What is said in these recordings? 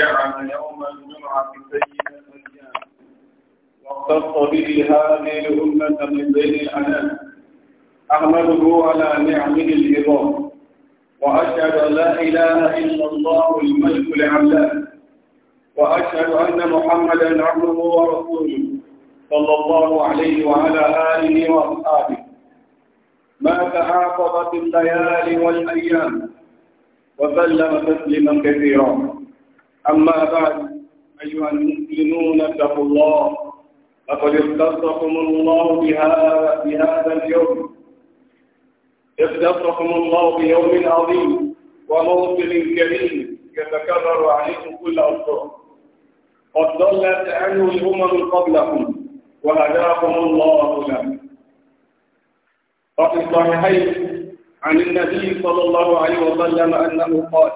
جعل يوم الجمعة سيد الأيام واختص به هذه الأمة من بين الأنام أحمده على نعمه العظام وأشهد أن لا إله إلا الله الملك العلام وأشهد أن محمدا عبده ورسوله صلى الله عليه وعلى آله وأصحابه ما تعاقبت الليالي والأيام وسلم تسليما كثيرا أما بعد أيها المؤمنون اتقوا الله لقد اختصكم الله بهذا, بهذا اليوم اختصكم الله بيوم عظيم وموطن كريم يتكرر عليكم كل أسبوع قد ضلت عنه الأمم قبلكم وهداكم الله لهم وفي الصحيحين عن النبي صلى الله عليه وسلم أنه قال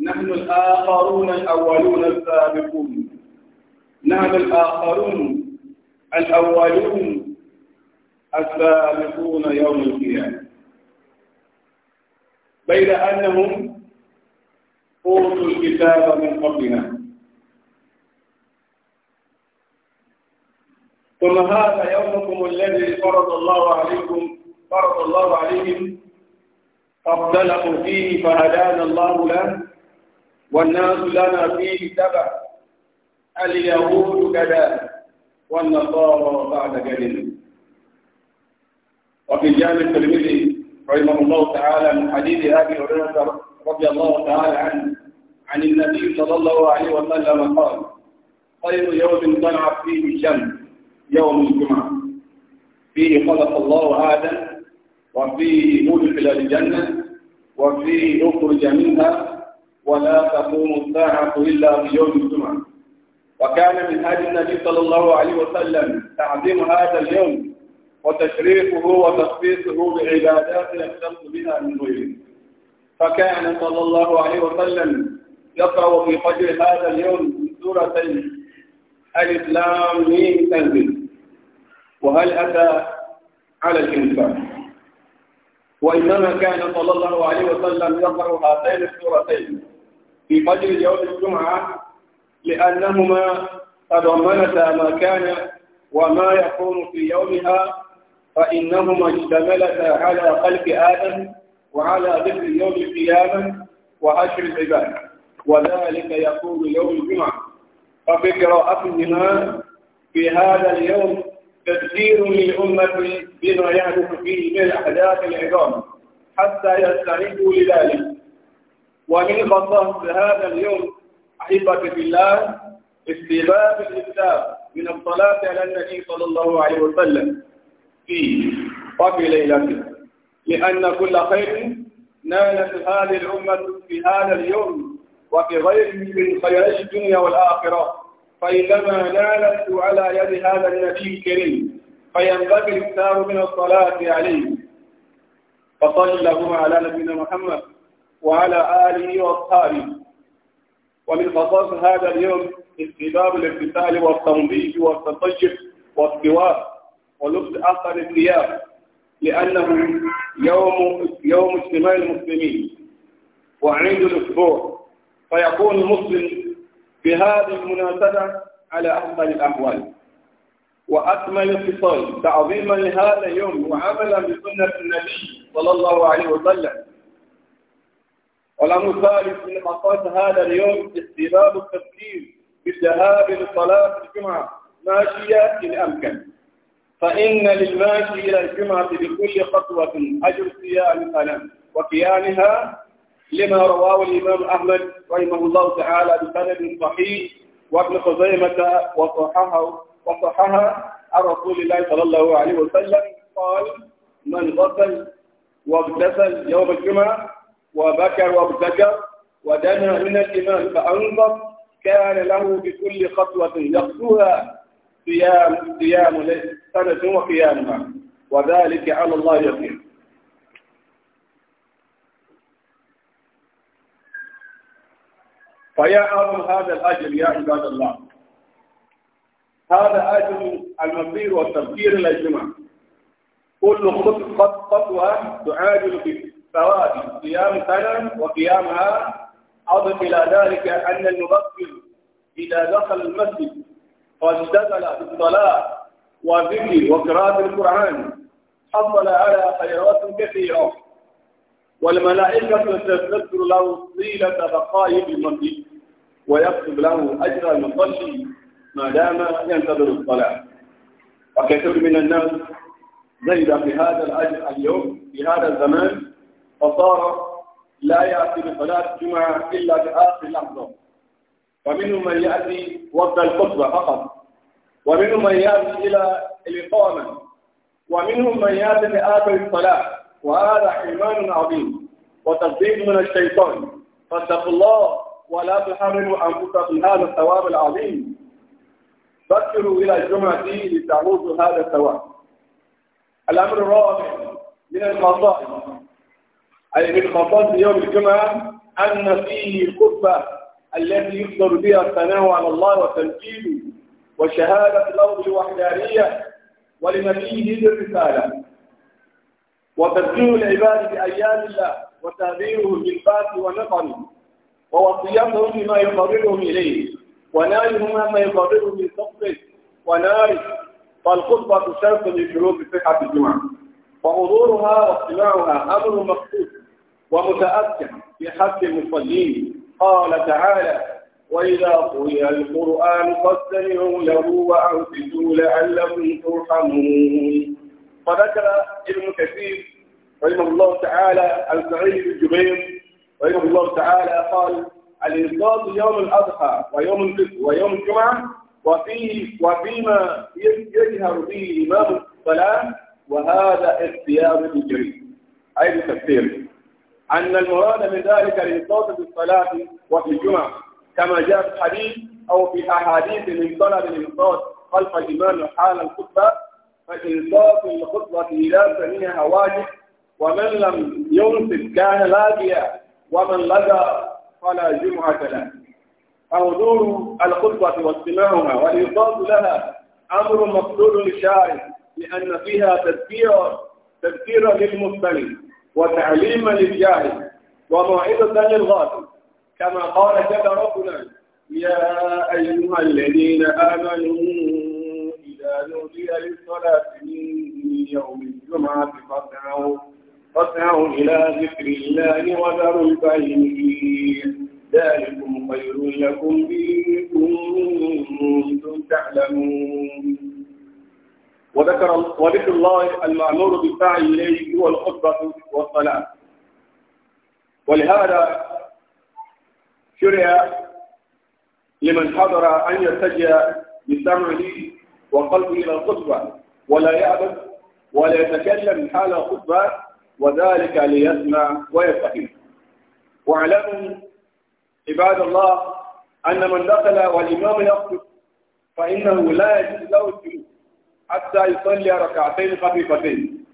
نحن الآخرون الأولون السابقون نحن الآخرون الأولون السابقون يوم القيامة بين أنهم أوتوا الكتاب من قبلنا ثم هذا يومكم الذي فرض الله عليكم فرض الله عليهم فاختلفوا فيه فهدانا الله له والناس لنا فيه تبع اليهود كذا والنصارى بعد كذا وفي جامع الترمذي رحمه الله تعالى من حديث ابي هريره رضي الله تعالى عنه عن النبي صلى الله عليه وسلم قال خير يوم طلعت فيه الشمس يوم الجمعه فيه خلق الله ادم وفيه ادخل الجنه وفيه اخرج منها ولا تقوم الساعة إلا بيوم الجمعة وكان من هذه النبي صلى الله عليه وسلم تعظيم هذا اليوم وتشريفه وتخصيصه بعبادات يختص بها من غيره فكان صلى الله عليه وسلم يقرأ في فجر هذا اليوم سورة الإسلام من تنزل وهل أتى على الإنسان وإنما كان صلى الله عليه وسلم يقرأ هاتين السورتين في فجر يوم الجمعة لأنهما تضمنتا ما كان وما يكون في يومها فإنهما اشتملتا على خلق آدم وعلى ذكر يوم القيامة وحشر العباد وذلك يكون يوم الجمعة فبقراءتهما في هذا اليوم تذكير للأمة بما يحدث فيه من أحداث العظام حتى يستعدوا لذلك ومن الله هذا اليوم احبك بالله استباب الإسلام من الصلاة على النبي صلى الله عليه وسلم فيه وفي ليلته لأن كل خير نالت هذه الأمة في هذا اليوم وفي غيره من خيرات الدنيا والآخرة فإنما نالته على يد هذا النبي الكريم فينبغي الإكثار من الصلاة عليه فصل اللهم على نبينا محمد وعلى آله وأصحابه ومن خصائص هذا اليوم استباب الاغتسال والتنظيف والتطيب والسواء ولبس أخر الثياب لأنه يوم يوم اجتماع المسلمين وعيد الأسبوع فيكون المسلم بهذه المناسبة على أفضل الأحوال وأكمل اتصال تعظيما لهذا اليوم وعملا بسنة النبي صلى الله عليه وسلم والأمر الثالث من مقاس هذا اليوم استباب التفكير بالذهاب لصلاة الجمعة ماشية إن أمكن فإن للماشي إلى الجمعة بكل خطوة أجر صيام الألم وكيانها لما رواه الإمام أحمد رحمه الله تعالى بسند صحيح وابن خزيمة وصححه وصحها عن رسول الله صلى الله عليه وسلم قال من غسل واغتسل يوم الجمعة وبكر وابتكر ودنا من الإمام فأنظر كان له بكل خطوة يخطوها صيام صيام سنة وقيامها وذلك على الله يقين فيا أعظم هذا الأجر يا عباد الله هذا أجر المصير والتفكير الأجتماع كل خطوة تعادل فوائد صيام سنة وقيامها أضف إلى ذلك أن المبكر إذا دخل المسجد واشتغل بالصلاة والذكر وقراءة القرآن حصل على خيرات كثيرة والملائكة تستذكر له طيلة بقائه في المسجد ويكتب له أجر المصلي ما دام ينتظر الصلاة وكثير من الناس زيد في هذا الأجر اليوم في هذا الزمان فصار لا يأتي لصلاة الجمعة إلا بآخر لحظة ومنهم من يأتي وقت الخطبة فقط ومنهم من يأتي إلى الإقامة ومنهم من يأتي لآخر الصلاة وهذا حرمان عظيم وتصديق من الشيطان فاتقوا الله ولا تحرموا أنفسكم هذا الثواب العظيم فكروا إلى الجمعة لتعوزوا هذا الثواب الأمر الرابع من المصائب أي من خطاب يوم الجمعة أن فيه الخطبة التي يقدر بها الثناء على الله وتنفيذه وشهادة الأرض الوحدانية ولنبيه بالرسالة وتذكير العباد بأيام الله وتهذيرهم بالفات والنقل ووصيتهم بما يقربهم إليه ونالهم ما يقربهم من صدقه ونال فالخطبة شرط من شروط صحة الجمعة وحضورها واستماعها أمر مخصوص ومتأكد في حق المصلين قال تعالى وإذا قرئ القرآن فاستمعوا له وأنصتوا لعلكم ترحمون فذكر ابن كثير رحمه الله تعالى السعيد بن جبير رحمه الله تعالى قال الإنصات يوم الأضحى ويوم الفطر ويوم الجمعة وفي وفيما يجهر به إمام الصلاة وهذا اختيار الجريء أي تفسير أن المراد من ذلك الإنصات في الصلاة وفي الجمعة كما جاء في الحديث أو في أحاديث من طلب الإنصات خلف الإمام حال الخطبة فإنصات الخطبة إذا سمعها واجب ومن لم ينصت كان لاقيا ومن لقى فلا جمعة له فحضور الخطبة واستماعها والإنصات لها أمر مفضول للشارع لأن فيها تذكير تذكير للمستمع وتعليما للجاهل وموعظة للغافل كما قال جل ربنا يا أيها الذين آمنوا إذا نودي للصلاة من يوم الجمعة فاسعوا فاسعوا إلى ذكر الله وذروا البيع ذلكم خير لكم إن كنتم تعلمون وذكر وذكر الله المأمور بالفعل إليه هو الخطبة والصلاة ولهذا شرع لمن حضر أن يتجه بسمعه وقلبه إلى الخطبة ولا يعبد ولا يتكلم حال الخطبة وذلك ليسمع ويستقيم واعلموا عباد الله أن من دخل والإمام يخطب فإنه لا يجوز له الجلوس حتى يصلي ركعتين خفيفتين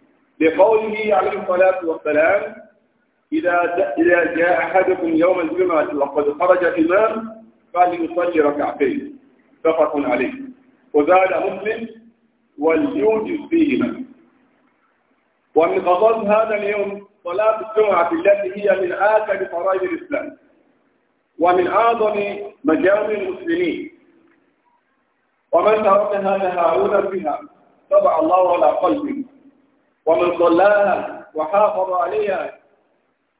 لقوله عليه الصلاة والسلام إذا إذا جاء أحدكم يوم الجمعة وقد خرج إمام فليصلي ركعتين متفق عليه وزاد مسلم وليوجد فيهما ومن قضاء هذا اليوم صلاة الجمعة التي هي من آكد فرائض الإسلام ومن أعظم مجامع المسلمين ومن تركها تهاونا بها طبع الله على قلبه ومن صلاها وحافظ عليها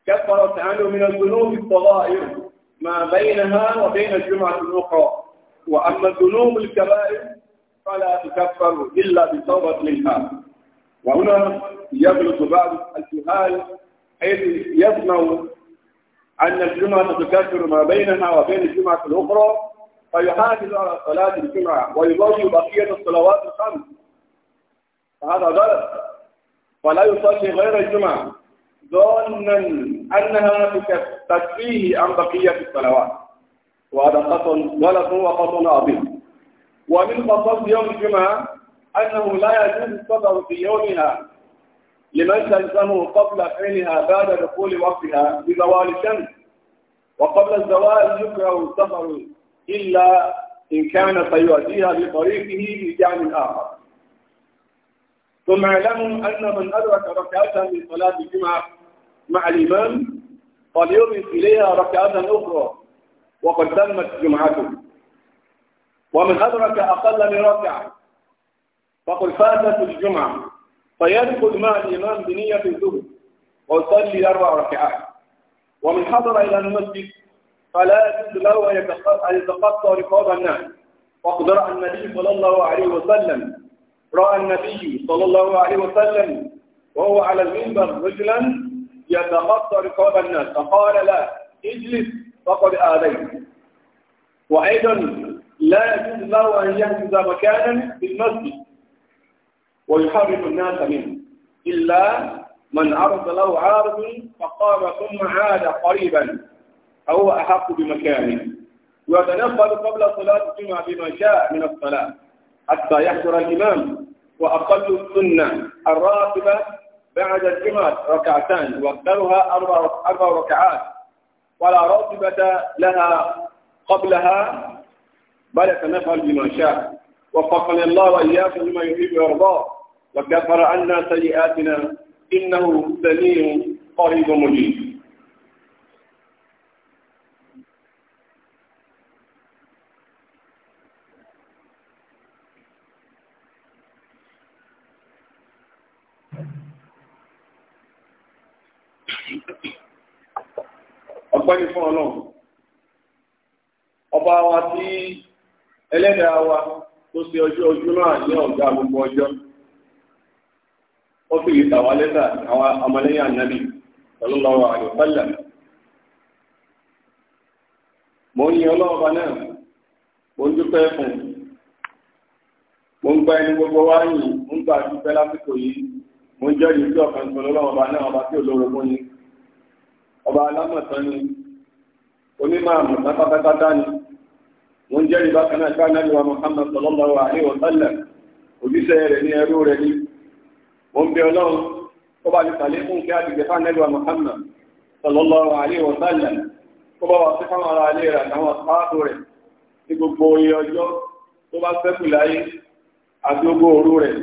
كفرت عنه من الذنوب الصغائر ما بينها وبين الجمعة الأخرى وأما الذنوب الكبائر فلا تكفر إلا بتوبة منها وهنا يبلغ بعض الجهال حيث يسمع أن الجمعة تكفر ما بينها وبين الجمعة الأخرى فيحافظ على صلاة الجمعة ويضيع بقية الصلوات الخمس فهذا غلط ولا يصلي غير الجمعة ظنا أنها تكفيه عن بقية الصلوات وهذا خطا غلط وخطا عظيم ومن خصائص يوم الجمعة أنه لا يجوز السفر في يومها لمن تلزمه قبل حينها بعد دخول وقتها بزوال الشمس وقبل الزوال يكره السفر إلا إن كان سيؤديها بطريقه بجعل آخر ثم اعلموا أن من أدرك ركعة من صلاة الجمعة مع الإمام فليضف إليها ركعة أخرى وقد تمت جمعته ومن أدرك أقل من ركعة فقد فاتت الجمعة فيدخل مع الإمام بنية الظهر ويصلي أربع ركعات ومن حضر إلى المسجد فلا يجوز له أن يتقطع رقاب الناس وقد رأى النبي صلى الله عليه وسلم رأى النبي صلى الله عليه وسلم وهو على المنبر رجلا يتقطع رقاب الناس فقال لا اجلس فقد آذيت وأيضا لا يجوز له أن يهجز مكانا في المسجد ويحرم الناس منه إلا من عرض له عارض فقام ثم عاد قريبا فهو أحق بمكانه ويتنفل قبل صلاة الجمعة بما شاء من الصلاة حتى يحضر الإمام وأقل السنة الراتبة بعد الجمعة ركعتان واكثرها أربع ركعات ولا راتبة لها قبلها بل يتنفل بما شاء وفقنا الله وإياكم لما يحب ويرضاه وكفر عنا سيئاتنا إنه سميع قريب مجيب ọba tí ẹlẹ́dàá wa tó ṣe ọjọ́ ojú náà ní ọ̀gá gbogbo ọjọ́ wọ́n fi ìta lẹ́tà àwọn ọmọlẹ́yìn ànábì sallallahu alaihi wasallam mo ń yin ọlọ́ọ̀ba náà mo ń dúpẹ́ fún mo ń gbogbo wá yìí mo ń gba àdúpẹ́ lásìkò yìí mo ń jẹ́rìí sí ọ̀kan ọba tí olóró mú ni ọba alámọ̀tán ni onímọ̀ àmọ̀tán pátápátá wọ́n jẹ́rìí bákan náà ká náà wa Muhammad sallallahu alaihi wa sallam òjíṣẹ́ rẹ̀ ní ẹrú rẹ̀ ní wọ́n bẹ ọlọ́run kó bá ti sàlẹ̀ fún kí á ti gbẹ̀fà náà wa Muhammad sallallahu alaihi wa sallam kó bá wà sí fáwọn ará ilé rẹ̀ àtàwọn àpáàtò rẹ̀ ní gbogbo iye ọjọ́ tó bá ṣẹ́kù láyé àti ogó òru rẹ̀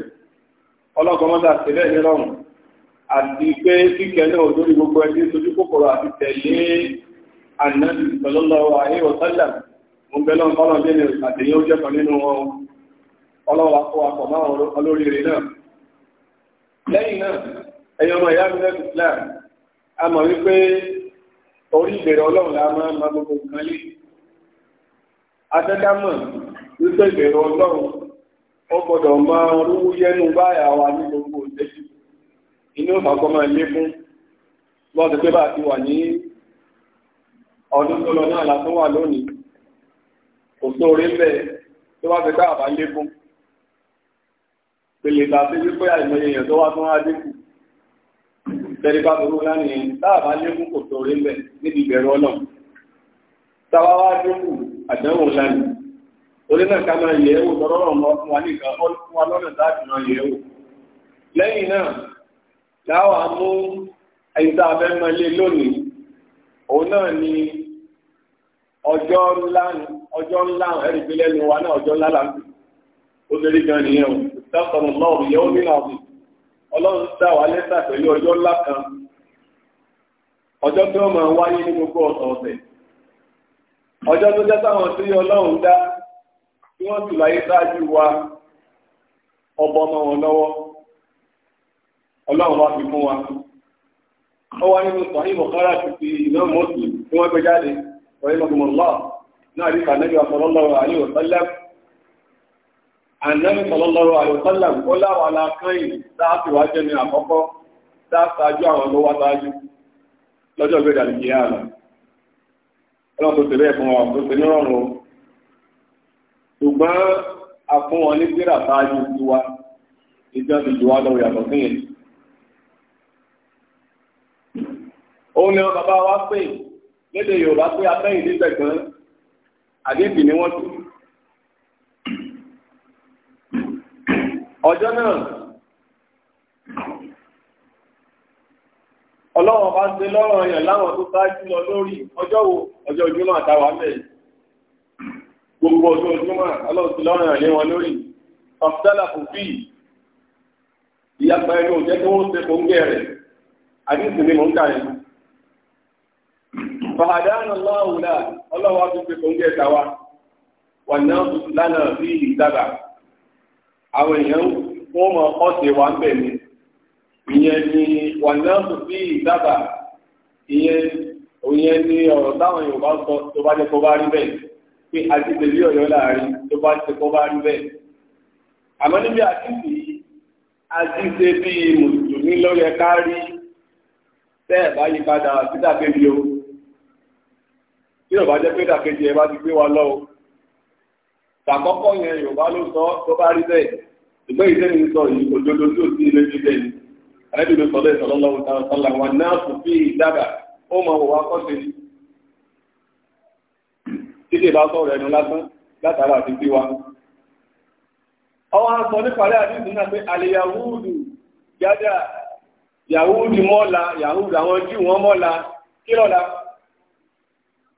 ọlọ́kọ̀mọ́dà òǹbẹ̀lọ́ ọlọ́dẹ́lẹ̀ àtẹ̀yẹ́ ó jẹ́kọ̀ nínú wọn ọlọ́wà máa olóríire náà lẹ́yìn náà ẹ̀yọ́ ọmọ ìyá mílẹ̀ islam a mọ̀ wípé orí ìbẹ̀rẹ̀ ọlọ́run la ma gbogbo lé a ti wà ní ọdún tó kò sóore ń bẹ̀ tó wá fi káàbá lékún pèlè tàbí wípé àìmọye èèyàn tó wá tó wá dínkù tẹ́lifá burú lánìí táàbá lékún kò sóore ń bẹ̀ níbi ìbẹ̀rù ọlọ́run táwa wá dínkù àdánwò lánìí orí náà ká máa yẹ̀ wò tọ́rọ́ ọ̀nà fún wa nìkan ó fún wa lọ́nà láti máa yẹ̀ wò lẹ́yìn náà láwa mú ẹ̀yìn tá a fẹ́ mọ ilé lónìí òun náà ni ọjọ́ ńlá ọjọ́ ńlá náà ọjọ́ ńlá gan nìyẹn o náà ó ọlọ́run dá lẹ́sà pẹ̀lú ọjọ́ ńlá kan ọjọ́ máa wáyé ní gbogbo ọ̀sọ̀ọ̀sẹ̀ ọjọ́ tó jẹ́ sáwọn tí ọlọ́run dá tí wọ́n sáájú wa ọbọ ọmọ wọn lọ́wọ́ ọlọ́run wá fi fún wa ó رحمكم الله نعرف النبي صلى الله عليه وسلم النبي صلى الله عليه وسلم قال وعلى كاين ساعات واجن àkọ́kọ́ ساعات ṣáájú àwọn ló wá ṣáájú lọ́jọ́ gbe da ni ya Ọlọ́run tó tẹ̀lé fún wa tó tẹ̀lé rọrùn ṣùgbọ́n a fún wọn ní síra ṣáájú sí wa ìjọ ti jù wá lọ yàtọ̀ sí yẹn òun ni wọn bàbá wa pè é lédè Yorùbá pé abẹ́yìn nígbẹ̀gbọ́n àdébì ni wọ́n tú. ọjọ́ náà ọlọ́wọ́n bá ṣe lọ́rọ̀ yẹn láwọn tó ṣáájú lọ lórí ọjọ́ wo ọjọ́ ojúmọ́ àtàwà mẹ́rin gbogbo ọjọ́ ojúmọ́ ọlọ́run ti lọ́rọ̀ yẹn wọn lórí ọ̀pítẹ́là kò fi ìyàgbá ẹni òjẹ́ tó ń ṣe kò ń gẹ̀rẹ̀ àdéhùn ni mò ń kà yẹn fàdánà lọ́wọ́lá ọlọ́wọ́ tó fi kóńgẹ́ ìtawá wà náà lánàá sí ìdábà àwọn èèyàn wọ́n mọ ọ̀sẹ̀ wà ń bẹ̀ ni ìyẹn ni wà náà sí ìdábà ìyẹn òyìn ni ọ̀rọ̀ táwọn Yorùbá sọ tó bá jẹ́ kó bá rí bẹ́ẹ̀ pé àti tèmi ọ̀yọ́ láàrin tó bá jẹ́ kó bá rí bẹ́ẹ̀ àmọ́ níbi àtìsí yìí àti mùsùlùmí lọ́yẹ ká rí bá yí padà sídàkébí tí yóò bá jẹ́ pé dàkejì ẹ bá ti gbé wa lọ o tàkọ́kọ́ yẹn yorùbá ló sọ tó bá rí bẹ́ẹ̀ ìgbẹ́ ìdẹ́ni sọ yìí òdodo tí ò sí ilé jíjẹ ni àrẹ́bìnrin sọ bẹ́ẹ̀ sọ̀rọ̀ lọ́wọ́ táwọn sọ́la wà náà kò fi ìdábà ó mọ òwò akọ́ṣe ni títí ìbá sọ̀rọ̀ ẹnu lásán látara àti sí wa. ọwọ́ sọ níparí àdìsí náà pé àlè yájà yahudu mọ́la yahudu àwọn jíù wọn mọ́la kí lọ́la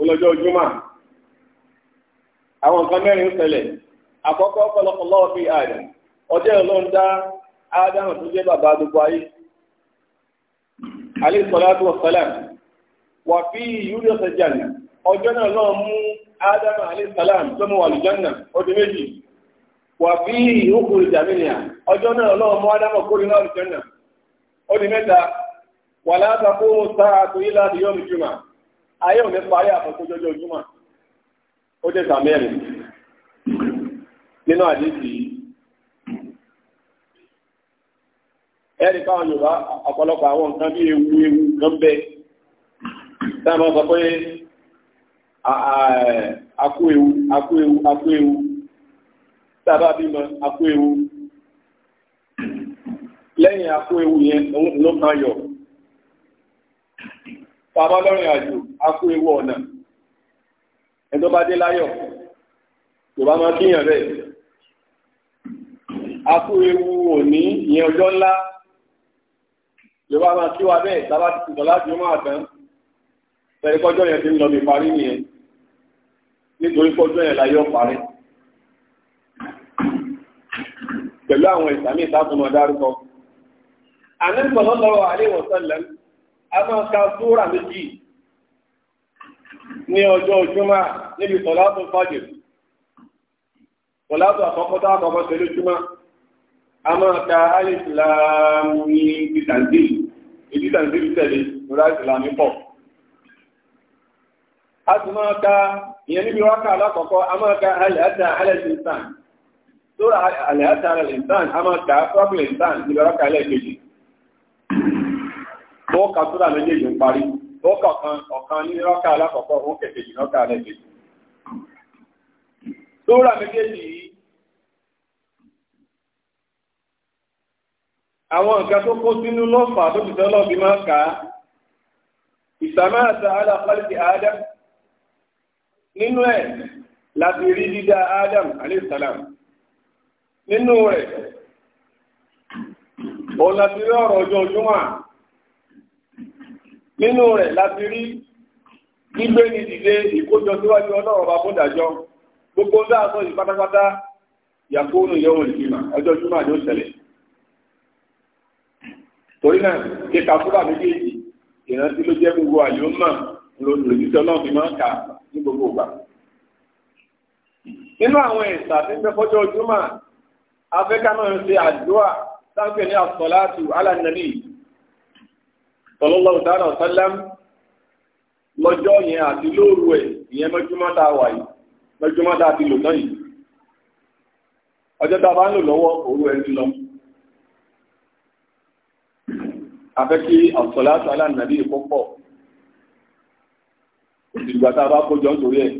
olójó júmọ̀ àwọn nǹkan mẹ́rin ń ọkọlọkọ àkọ́kọ́ ọ̀pọ̀lọpọ̀ fi àdàm ọjọ́ ìlú ń dá ádámù tó jẹ́ bàbá gbogbo ayé alayhi wà fí yúdí ọ̀sẹ̀ jàǹdà ọjọ́ náà mú ádámù alayhi tó mú wà lùjánà ọdún méjì wà fí ìhókùn ìjàmínìà ọjọ́ náà mú ádámù náà ọdún mẹ́ta wà sáà ayé òní parí àkọ́kọ́ jọjọ ojúmọ́ ó dé sàmẹ́rin nínú àdéhùn yìí ẹ̀rí káwọn yorùbá ọ̀pọ̀lọpọ̀ àwọn nǹkan bí ewu ewu kan bẹ táwọn sọ pé akú ewu akú ewu akú ewu sábà bímọ akú ewu lẹ́yìn akú ewu yẹn ló máa yọ̀ bàbá lọ́rìn àjò akú ewu ọ̀nà ẹ̀tọ́ bá dé láyọ̀ yorùbá máa kíyàn bẹ́ẹ̀ akú ewu òní ìyẹn ọjọ́ ńlá yorùbá máa kí wa bẹ́ẹ̀ tábà ti sùn láti ọmọ àtàn pẹ̀lú kọjọ́ yẹn ti ń lọ bí parí nìyẹn nítorí kọjọ́ yẹn láyọ̀ parí pẹ̀lú àwọn ìsàmì ìtàkùn ọ̀dárúkọ. Àníbọ̀lọ́lọ́wọ́ àléwọ̀sán lẹ́nu a ka súrà méjì ní ọjọọ ojúmọ́ n'ebe sọ̀látù fàjì sọ̀látù àkọ́kọ́ tó àkọ́kọ́ tẹ̀lé ojúmọ́ a máa ka alìsìláàmù ní ìdíjàndì ìdíjàndì tẹ̀lé lórí àìsìláàmù pọ̀ a sì máa ka ka wọ́n ka súrà méjèèjì ń parí wọ́n kọ̀kan ọ̀kan ní rọ́kà alákọ̀ọ́kọ́ wọ́n kẹ̀kẹ́ jì rọ́kà lẹ́gbẹ̀ẹ́ súrà méjèèjì yìí àwọn nǹkan tó kó sínú lọ́fà tó ti tọ́lọ́ bí máa kà á ìsàmá àti Adam nínú ẹ̀ láti rí dídá Adam alayhisalam nínú rẹ̀ òun láti rí ọ̀rọ̀ ọjọ́ ojúmọ́ nínú rẹ̀ láti rí gbígbé ní dìde ìkójọ síwájú ọlọ́run ọba fún ìdájọ́ gbogbo ń dáàbò yìí pátápátá yàkóònù yẹ̀wò ìgbìmọ̀ ọjọ́ júmọ̀ ni ó ṣẹlẹ̀ torí náà kíka fúlà méjèèjì ìrántí ló jẹ́ gbogbo àyọ̀mọ̀ lòdìsí ọlọ́run fi máa ń kà ní gbogbo ìgbà nínú àwọn ẹ̀sà tí ń bẹ fọ́jọ́ júmọ̀ afẹ́ká náà ń ṣe àdúrà sáńpẹ̀ ní àsọ̀láàtù alánàbí sallallahu ta'ala wa sallam lọ́jọ́ yẹn àti lóru ẹ̀ ìyẹn mọ́júmọ́ tá a wà yìí mọ́júmọ́ tá a ti lò tán yìí ọjọ́ tá a bá ń lò lọ́wọ́ òru ẹ̀ ti lọ. afẹ́ kí as-salatu ala pọ́pọ̀ ìgbà tá a bá kójọ nítorí ẹ̀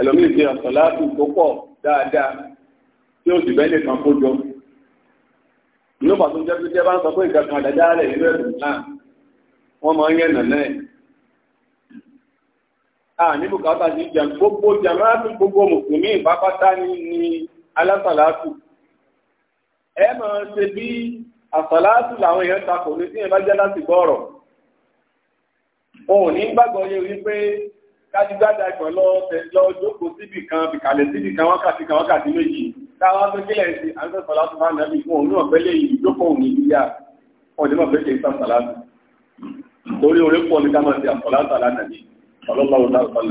ẹlòmíì ṣe as-salatu tó dáadáa tí ó sì bẹ́ẹ̀ lè kàn kójọ ló pàtó jẹ́ pé jẹ́ bá ń sọ pé ìkankan àdájá rẹ̀ nínú ẹ̀sùn náà wọ́n máa ń yẹn nà náà a ní bùkátà sí jàm gbogbo jàmáàtù gbogbo mùsùlùmí ìpápátá ní alásàlátù ẹ máa ṣe bí àsàlátù làwọn èèyàn takò ní tí yẹn bá jẹ́ láti gbọ́rọ̀ òun ní gbàgbọ́ yẹ wípé kájígbádà ìpọ̀ lọ jókòó síbì kan bìkàlẹ̀ síbì kan wákàtí kan wákàtí méjì táwa tó kílẹ̀ sí àǹtẹ̀ sọ̀lá tó máa nàbí fún òun náà pẹ́lẹ́ yìí ìjókòó òun yìí yá ọdún máa fẹ́ kí n sá sọ̀lá tó torí orí pọ̀ ní ká máa ti àsọ̀lá tó àlá nàbí ọlọ́lọ́wọ́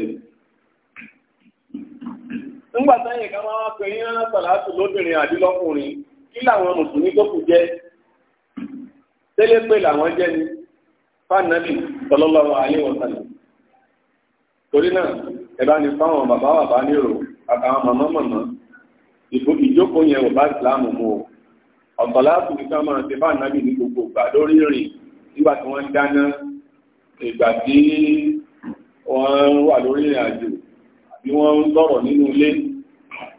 ni. nígbà táyẹ̀ ká máa pè ní rárá sọ̀lá tó lóbìnrin àdílọ́kùnrin kí làwọn mùsùlùmí tó kù jẹ́ tẹ́lẹ̀ pé làwọn jẹ́ ni fánàbì sallallahu alaihi wasallam torí náà ẹ̀bá ni fáwọn bàbá bàbá nírò àtàwọn màmá màmá ìjókòó yẹn ò bá ìsìláàmù mu o ọ̀tọ̀ láàbù ní ká máa ṣe bá nàbì ní gbogbo ìgbà lórí rìn nígbà tí wọ́n ń dáná ìgbà tí wọ́n wà lórí ìrìn àjò àbí wọ́n ń sọ̀rọ̀ nínú ilé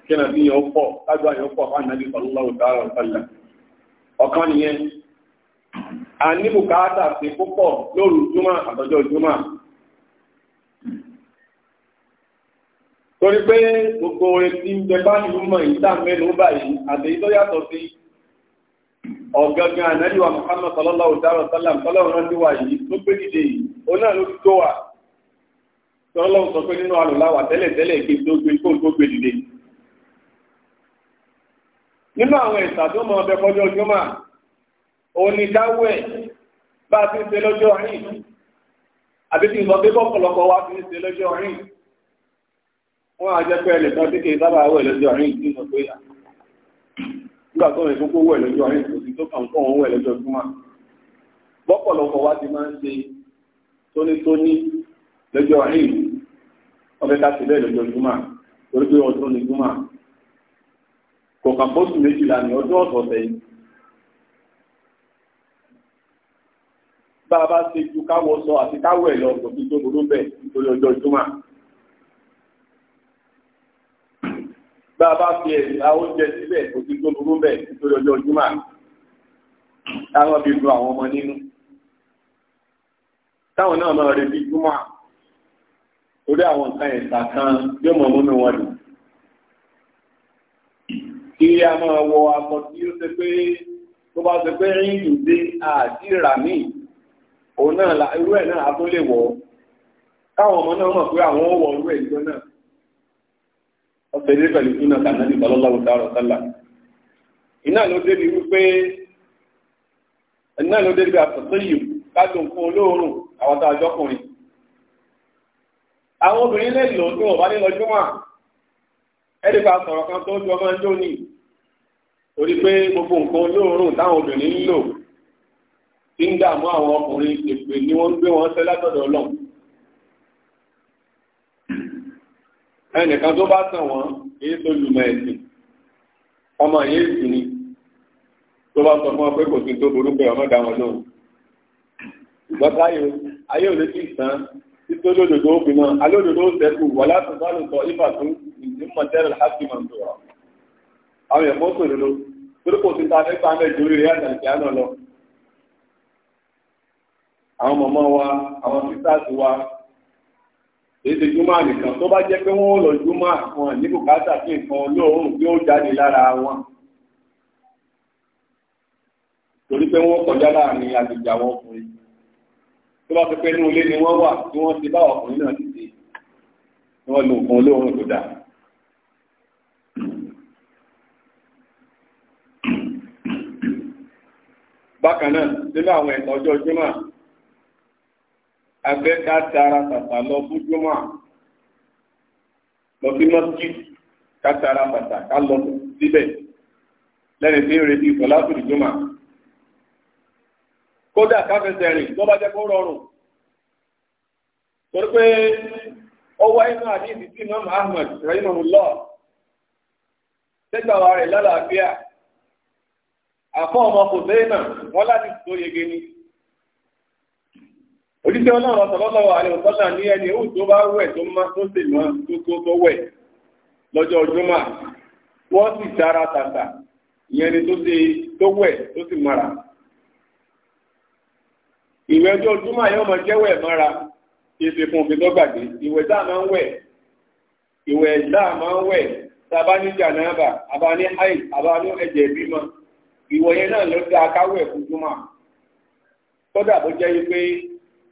kí nàbí yẹn pọ̀ lájọ́ àyẹ̀ pọ̀ fún ànábì sallallahu ta'ala wa ọ̀kan nìyẹn a ní bùkátà púpọ̀ lóru júmọ̀ àtọ́jọ́ júmọ̀ torí pé gbogbo etí ń bẹ bá nínú mọ̀ ìta mẹ́nu báyìí àtẹ̀yí tó yàtọ̀ sí ọ̀gangan ànáyíwá Muhammad sallallahu alaihi wa yìí tó pé dìde yìí ó náà ló tó wà sọ pé nínú alùláwà tẹ́lẹ̀tẹ́lẹ̀ gbé tó gbé a ti ń wọ́n á jẹ́ pé ẹnìkan tí kìí sábà wẹ̀ lọ́jọ́ àárín ìdí ìmọ̀ pé yà nígbà tó rìn kókó wẹ̀ lọ́jọ́ àárín ìdí tó kàn kó òun wẹ̀ lọ́jọ́ júmọ́ bọ́pọ̀lọpọ̀ wa ti máa ń ṣe tónítóní lọ́jọ́ àárín ọbẹ̀ ká ti bẹ́ẹ̀ lọ́jọ́ júmọ́ torí pé ọdún ni júmọ́ kò kàn fóṣù méjìlá ní ọdún ọ̀sọ̀ọ̀sẹ̀ yìí bá a bá ṣe ju káwọ sọ àti káwọ ẹ̀ lọ bá a bá fi ẹ̀ka oúnjẹ síbẹ̀ kò sí tó burú bẹ̀ nítorí ọjọ́ júmọ̀ táwọn fi lu àwọn ọmọ nínú táwọn náà máa retí júmọ̀ torí àwọn nǹkan ẹ̀ka kan yóò mọ̀ múnú wọn dùn kí a máa wọ akọ tí ó ṣe pé tó bá ṣe pé rí ìdè àti ìràmì òun náà irú ẹ̀ náà a tó lè wọ̀ káwọn ọmọ náà mọ̀ pé àwọn ó wọ̀ irú ẹ̀ jọ náà ọ̀sẹ̀ dé pẹ̀lú súnà tànàbí sallallahu ta'ala sálà iná ló dé ní wípé iná ló dé bí àtọ̀tọ̀ yìí kájọ nǹkan olóòórùn àwọn tá a jọkùnrin àwọn obìnrin lè lò tó ọ̀bá nínú ọjọ́ wọn ẹ̀rí bá sọ̀rọ̀ kan tó ju ọmọ ẹjọ́ ní torí pé gbogbo nǹkan olóòórùn táwọn obìnrin ń lò ti ń dààmú àwọn ọkùnrin ìpè ni wọ́n ń gbé wọn sẹ́ látọ̀dọ̀ ọlọ́run ẹnìkan tó bá tàn wọ́n èyí tó lùmọ̀ ẹ̀sìn ọmọ yìí sì ni tó bá sọ fún ọ pé kò sí tó burú pé ọmọ dá wọn lóhùn ṣùgbọ́n táyé ayé ò lè ti sàn títí olódodo ó bímọ alódodo ó sẹ́kù wà láti bá lùtọ̀ ifá tó ní mọ̀tẹ́rẹ̀ láti mọ̀ tó rà àwọn ẹ̀kọ́ sòdodo torí kò sí ta nípa mẹ́jọ orí rẹ̀ àtàkì àná lọ àwọn mọ̀mọ́ wa àwọn sísáàsì wa èdè júmọ́ nìkan tó bá jẹ́ pé wọ́n lọ júmọ́ àwọn ní bùkátà sí nǹkan olóòórùn tí ó jáde lára wọn torí pé wọ́n kọjá láàrin àgbègbè àwọn ọkùnrin tó bá fi pé inú ilé ni wọ́n wà tí wọ́n ti bá ọkùnrin náà ti ṣe tí wọ́n lo nǹkan olóòórùn tó dáa. bákan náà nínú àwọn ẹ̀tọ́ ọjọ́ júmọ́ abẹ́ká tara tàtà lọ fújúmọ́ lọ sí mọ́síkì ká tara tàtà ká lọ síbẹ̀ lẹ́ni tí ń retí ìfọ̀lá fújúmọ́ kódà káfẹsẹ̀ rìn tó bá jẹ́ kó rọrùn torí pé ọwọ́ inú àdíyèsí tí imam ahmed rahimahullah tẹ́gbàwá rẹ̀ lálàáfíà àfọ́ ọmọ kò sẹ́yìn náà wọ́n láti tó yege ni òjíṣẹ́ ọlọ́run ọ̀sọ̀lọ́lọ́wọ́ àrẹ òsọ́là ní ẹni ó tó bá wẹ̀ tó má tó sì mọ́ tó tó tó wẹ̀ lọ́jọ́ ọdúnmà wọ́n sì sára tàtà ìyẹn ni tó ṣe tó wẹ̀ tó sì mara ìwẹ̀ ọjọ́ ọdúnmà yóò máa jẹ́wẹ̀ mara ìṣe fún òfin tó gbàgbé ìwẹ̀ tá a máa ń wẹ̀ ìwẹ̀ tá a máa ń wẹ̀ tá a bá ní jànáàbà a bá ní àì a bá ní ẹ̀jẹ̀ bímọ ìwẹ̀ yẹn náà ló dá akáwẹ̀ fún júmà kódà bó jẹ́ pé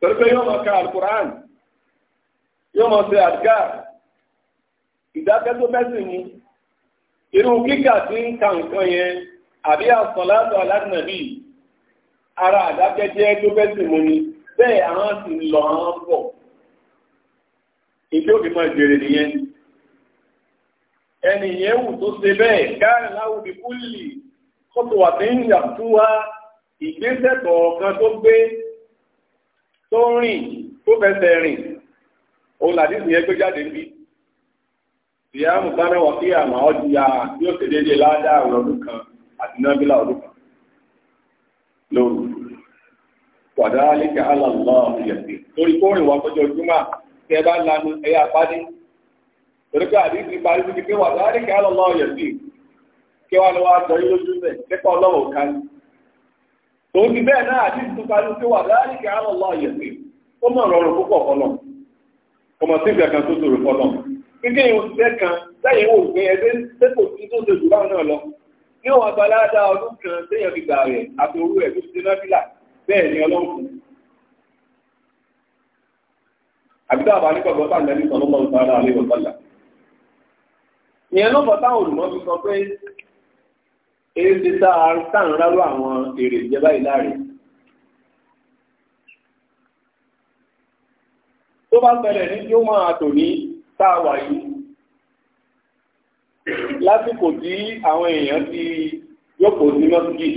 torí pé yóò máa ka alukur'an yóò máa ṣe àdìgá ìdákẹ́tọ́ mẹ́sìn mu irú kíkà tí ń ka nǹkan yẹn àbí àsọ̀láṣọ aládùnàbí ara àdákẹ́jẹ́ tó mẹ́sìn mu ni bẹ́ẹ̀ àwọn sì ń lọ àwọn pọ̀ ìdí òbí máa jèrè nìyẹn ẹni yẹn wù tó ṣe bẹ́ẹ̀ káàrin láwùjọ kúlì kótó wà tí ń yà fún wa ìgbésẹ̀ kọ̀ọ̀kan tó gbé tó rìn tó fẹsẹ̀ rìn òun làdísì yẹn gbé jáde ń bí ìyá mùsànà wà kí àmà ọjà yóò ṣe déédéé ọdún kan àti nábìlà ọdún kan lóru wàdáálíkà alàlọ́ ìyẹ̀sì torí kóòrìn wà tọ́jọ́ ojúmọ́ tí ẹ bá lanu ẹyà torí pé parí pé ìyẹ̀sì kí wàá lọ́wọ́ nípa ọlọ́wọ́ kan tó ní bẹ́ẹ̀ náà àti ìtúkalú tó wà láàrín kí àwọn ọlọ́ ìyẹ̀sí ó mọ̀ rọrùn púpọ̀ fọlọ́ ọmọ sí ìgbà kan tó sòrò fọlọ́ kíkẹ́ ìwọ̀n ti bẹ́ẹ̀ kan láyé wò pé ẹgbẹ́ tẹ́kọ̀ sí tó ṣe jù báwọn náà lọ ní òun àgbàládá ọdún kan téèyàn èyí ti tá a ń rárú àwọn èrè ìjẹba yìí láàrin. tó bá ṣẹlẹ̀ ní tí ó máa tò ní tá a wà yìí lásìkò tí àwọn èèyàn ti jókòó sí mọ́síkì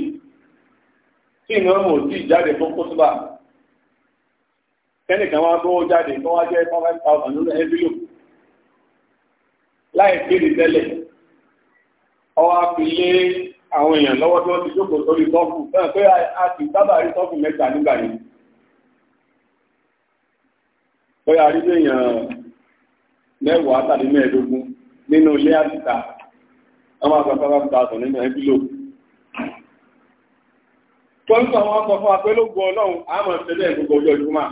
tí iná mò sí ìjáde fún kótóbà kẹ́nìkan wá tó jáde tó wá jẹ́ five nínú envelope láì kéde tẹ́lẹ̀ ọwọ́ àpilé àwọn èèyàn lọ́wọ́ tí wọ́n ti jókòó sórí tọ́fù náà pé a ti sábà rí tọ́fù mẹ́ta nígbà yìí pé a rí èèyàn mẹ́wàá tàbí mẹ́ẹ̀ẹ́dógún nínú ilé àtìta àwọn àgbàsára ti tààtọ̀ nínú ẹbílò tọ́lùsọ àwọn akọ fún apẹ́lógún ọlọ́run àmọ̀ ìṣẹ́lẹ̀ gbogbo ọjọ́ ìjúmọ́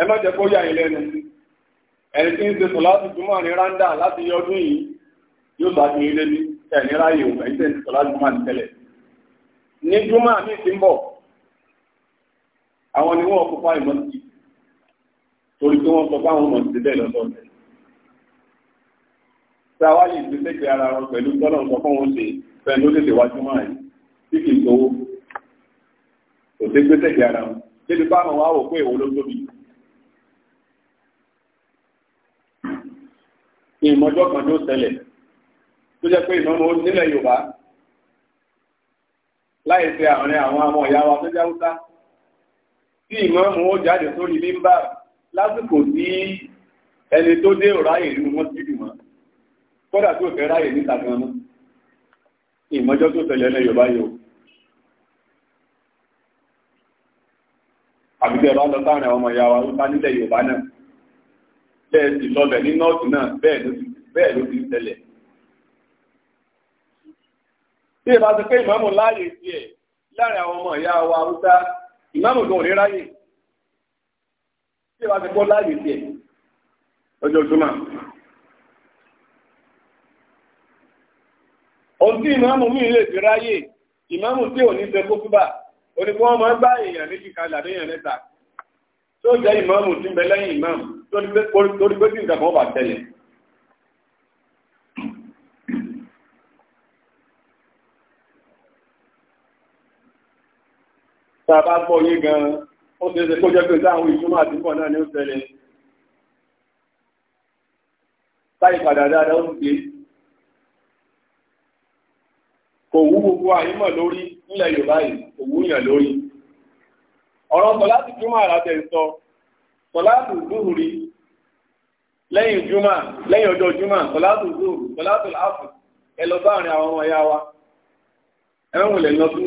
ẹ má jẹ́ kó yà yín lẹ́nu ẹni tí ń ṣe sọ láti túmọ̀ ní ráńdà láti yọdún yìí yóò sọ àti ilé ní ẹ̀ní ráyè òun ẹ̀yìn tẹ̀ ń sọ láti máa ń tẹ́lẹ̀. ní júmọ́ àmì ti ń bọ̀ àwọn ni wọ́n kópa ìmọ̀sí torí pé wọ́n sọ fáwọn ọmọ ti bẹ́ẹ̀ lọ́sọ̀ọ̀sẹ̀. sáwá lè fi sẹ́kẹ̀ẹ́ ara wọn pẹ̀lú tọ́lọ̀ sọ fún wọn ṣe fẹ́ẹ́ ló tètè wájú máa yìí tí kì í sowó kò sí gbé sẹ́kẹ̀ẹ́ ara wọn débi báwọn wá wò pé èwo ló tóbi. ìmọ̀jọ́ kan ló ṣẹlẹ̀ tó jẹ́ pé ìnáwó nílẹ̀ Yorùbá láì ṣe àárín àwọn ọmọ ìyá wa tó jẹ́ Haúsá tí ìmọ̀ọ́mù ó jáde sórí bímbà lásìkò tí ẹni tó dé òráyè ní wọ́n ti dùn wọn kódà tó fẹ́ ráyè níta gan mọ́ ìmọ̀jọ́ tó tẹ̀lé ẹlẹ́ Yorùbá yóò àbíkẹ́ bá lọ sáàrin ọmọ ìyá wa Haúsá nílẹ̀ Yorùbá náà bẹ́ẹ̀ sì lọ bẹ̀ ní nọ́ọ̀tù náà bẹ́ẹ̀ ló ti tẹ̀lẹ̀ bí ìbá ti pé ìmáàmù láàyè tiẹ̀ láàrin àwọn ọmọ ìyá wa haúsá ìmáàmù gan ò ní ráyè bí ìbá ti pọ́ láàyè tiẹ̀ lọ́jọ́ júmọ̀. òun tí ìmáàmù mi lè fi ráyè ìmáàmù tí ò ní ṣe kó fúbà onígbó wọn máa ń bá èèyàn méjì kan làbẹ́ èèyàn mẹ́ta tó jẹ́ ìmáàmù tí ń bẹ lẹ́yìn ìmáàmù tó ní pé tí nǹkan kan tẹ̀lé tàbá gbọ́ yé gan-an ó ṣe é ṣe kó jẹ́ pé táwọn ìjúmọ̀ àti pọ̀ náà ni ó ṣẹlẹ̀ táyì padà dáadáa ó gbé kò wú gbogbo àyímọ̀ lórí nílẹ̀ Yorùbá yìí kò wú yàn lórí ọ̀rọ̀ sọ̀láàtì júmọ̀ àràtẹ̀ sọ sọ̀láàtì dúhùrí lẹ́yìn júmọ̀ lẹ́yìn ọjọ́ júmọ̀ sọ̀láàtì dúhùrí sọ̀láàtì láàfù ẹ lọ sáàrin àwọn ọmọ ẹ̀yà wa ẹ̀rọ wùlẹ̀ lọ sí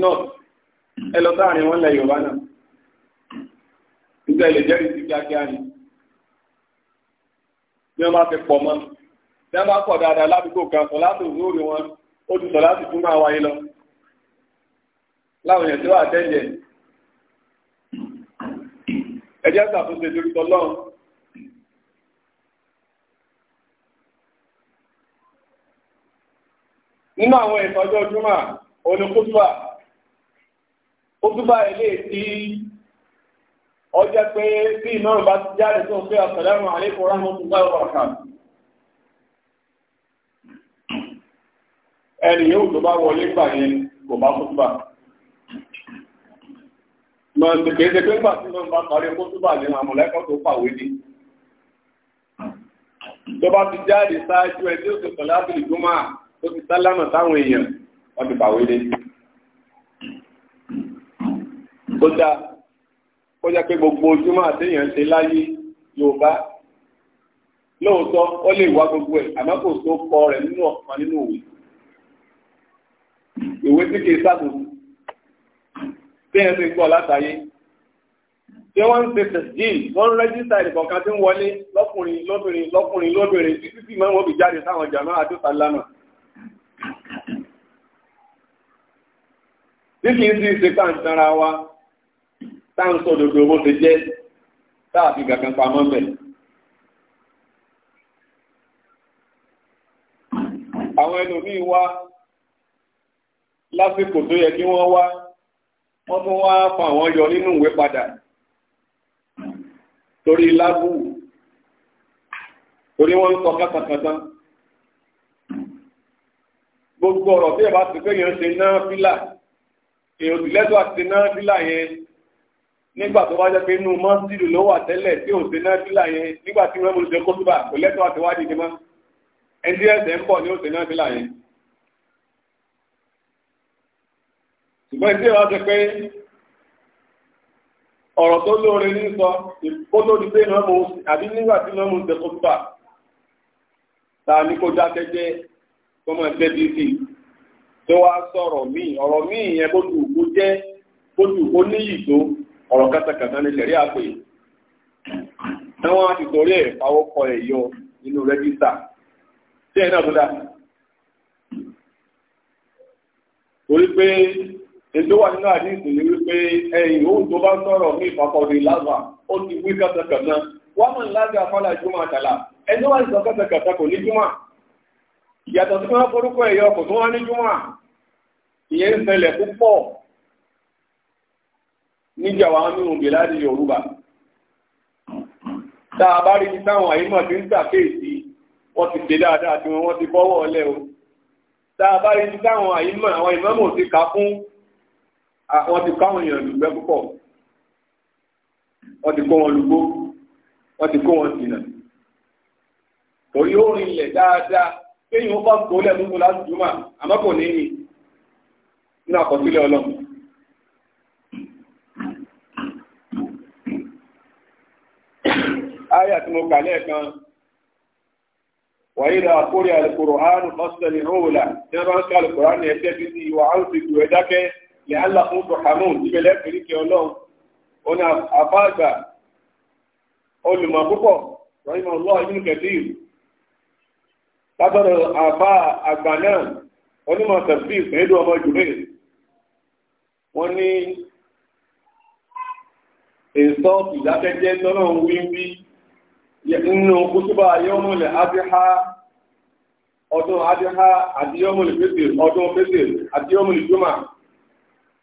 ẹ lọ sáàrin wọn lẹ yorùbá náà nígbà ilé jẹ́rìí sí kíákíá ni bí wọ́n bá fi pọ̀ mọ́ bí wọ́n bá pọ̀ dáadáa ládùúgbò kan sọ láti òwúrò wọn ó ti sọ láti túmọ̀ àwáyé lọ láwọn èèyàn tí wọ́n àtẹ́jẹ̀ ẹjẹ́ ṣàtúnṣe torí tọ́lọ́run nínú àwọn ìtọ́jú ojúmọ̀ oníkútùbà ó túbà ẹ̀ lè ti ọjọ́ pé bí iná bá ti jáde tó ń pé assalamu alaikum warahmatullahi wabarakatuh ẹni yóò tó bá wọlé gbà yẹn kò bá kútùbà mọ̀ sí kéèsè pé gbà tí iná bá parí kútùbà ní àmọ̀lẹ́kọ̀ọ́ tó pàwé ní tó bá ti jáde ṣáájú ẹ tí ó ti sọ̀lá tó ti sálámà táwọn èèyàn wọ́n ti pàwé ní ó dáa ó jẹ́ pé gbogbo ojúmọ́ àtẹ̀yàn ṣe láyé yorùbá lóòótọ́ ó lè wá gbogbo ẹ̀ àmọ́ kò tó kọ rẹ̀ nínú ọ̀kan nínú òwe ìwé tí kìí sábòrò tí ẹ̀ ti gbọ́ látàyé tí wọ́n ń ṣe tẹ̀síìn wọ́n ń rẹ́jísà ìkọ̀ọ̀kan tí ń wọlé lọ́kùnrin lóbìnrin lọ́kùnrin lóbìnrin títí tí máa ń wọ́n jáde sáwọn jàmá àti sàlámà. tí kìí sì ṣe pàǹtanra wa táǹsọ̀ òdòdó owó ti jẹ́ táàfin kankan pamọ́ mẹ́. àwọn ẹlòmíín wá lásìkò tó yẹ kí wọ́n wá wọ́n tún wá fa àwọn yọ nínú ìwé padà torí lábù torí wọ́n ń sọ kátàkátà gbogbo ọ̀rọ̀ tí ẹ̀ bá ti pé yẹn ṣe náà fílà èèyàn sì lẹ́tọ̀ àti náà fílà yẹn nígbà tó wá jẹ́ pé inú mọ́sílù ló wà tẹ́lẹ̀ tí ò sí náà sílà yẹn nígbà tí wọ́n mú ṣe kó túbà kò lẹ́tọ́ àti wádìí ni mọ́ ẹni ẹsẹ̀ ń bọ̀ ní òsè náà sílà yẹn. ṣùgbọ́n ìdí ìwà ṣe pé ọ̀rọ̀ tó lóore ní sọ kó tó di pé wọ́n mú àbí nígbà tí wọ́n mú ṣe kó túbà ta ni kó dákẹ́ jẹ́ kó mọ̀ ṣe dc tó wá sọ̀rọ̀ míì ọ̀rọ̀ míì yẹn bó ọ̀rọ̀ kátàkátà ní ṣẹ̀rí àpè tí wọ́n á ti torí ẹ̀ pawọ́kọ ẹ̀ yọ nínú rẹ́gísítà tí ẹ̀ náà tó dá torí pé ètò wà nínú àdínsìn ní wípé ẹ̀yìn òun tó bá sọ̀rọ̀ ní ìfàkọ̀dé lágbà ó ti wí kátàkátà wọ́n mọ̀ lágbà fọ́lá ìjọmọ̀ àtàlà ẹni wọ́n sọ kátàkátà kò ní jùmọ̀ yàtọ̀ sí wọ́n forúkọ ẹ̀yọ kò tó wọ́n ní jùmọ̀ ìyẹn ń ṣẹlẹ̀ púpọ̀ níjà wa ń nínú gbè láti Yorùbá tá a bá rí ní táwọn àyímọ̀ tí ń ṣàkéèsí wọ́n ti ṣe dáadáa tí wọ́n ti bọ́wọ́ ọlẹ́ o tá a bá rí ní táwọn àyímọ̀ àwọn ìmọ̀mọ̀ ti kà fún wọ́n ti káwọn èèyàn lùgbẹ́ púpọ̀ wọ́n ti kó wọn lùgbó wọ́n ti kó wọn sìnà torí ó rinlẹ̀ dáadáa kéyìn ó bá gbólẹ̀ nínú láti jùmọ̀ àmọ́ kò ní ní àkọsílẹ̀ ọlọ́run áyà tí mo kà lẹ́ẹ̀kan wàyí ra àkórí alukoro àrùn ọ̀sẹ̀lẹ̀ rọ́ọ̀là tí wọ́n bá ń sọ alukoro àrùn ẹ̀ṣẹ́ bí sí ìwà àrùn ti tù ẹ̀ dákẹ́ lẹ́ àlà fún tòhámùn níbẹ̀lẹ́ fìríkẹ́ ọlọ́run ó ní àfáàgbà olùmọ̀ púpọ̀ rọ́ìmọ̀ lọ́ọ̀ inú kẹ̀tíìr lábọ̀dọ̀ àfá àgbà náà onímọ̀ tẹ̀síìf nílùú ọmọ jùlẹ̀ wọ́n ní ìsọ́ọ̀tì lábẹ́jẹ́ lọ́nà wí bí nínú kútúbà yọ́mùlẹ̀ adíhá ọdún adíhá àti yọ́mùlẹ̀ fẹ́sẹ̀ ọdún fẹ́sẹ̀ àti yọ́mùlẹ̀ jùmọ̀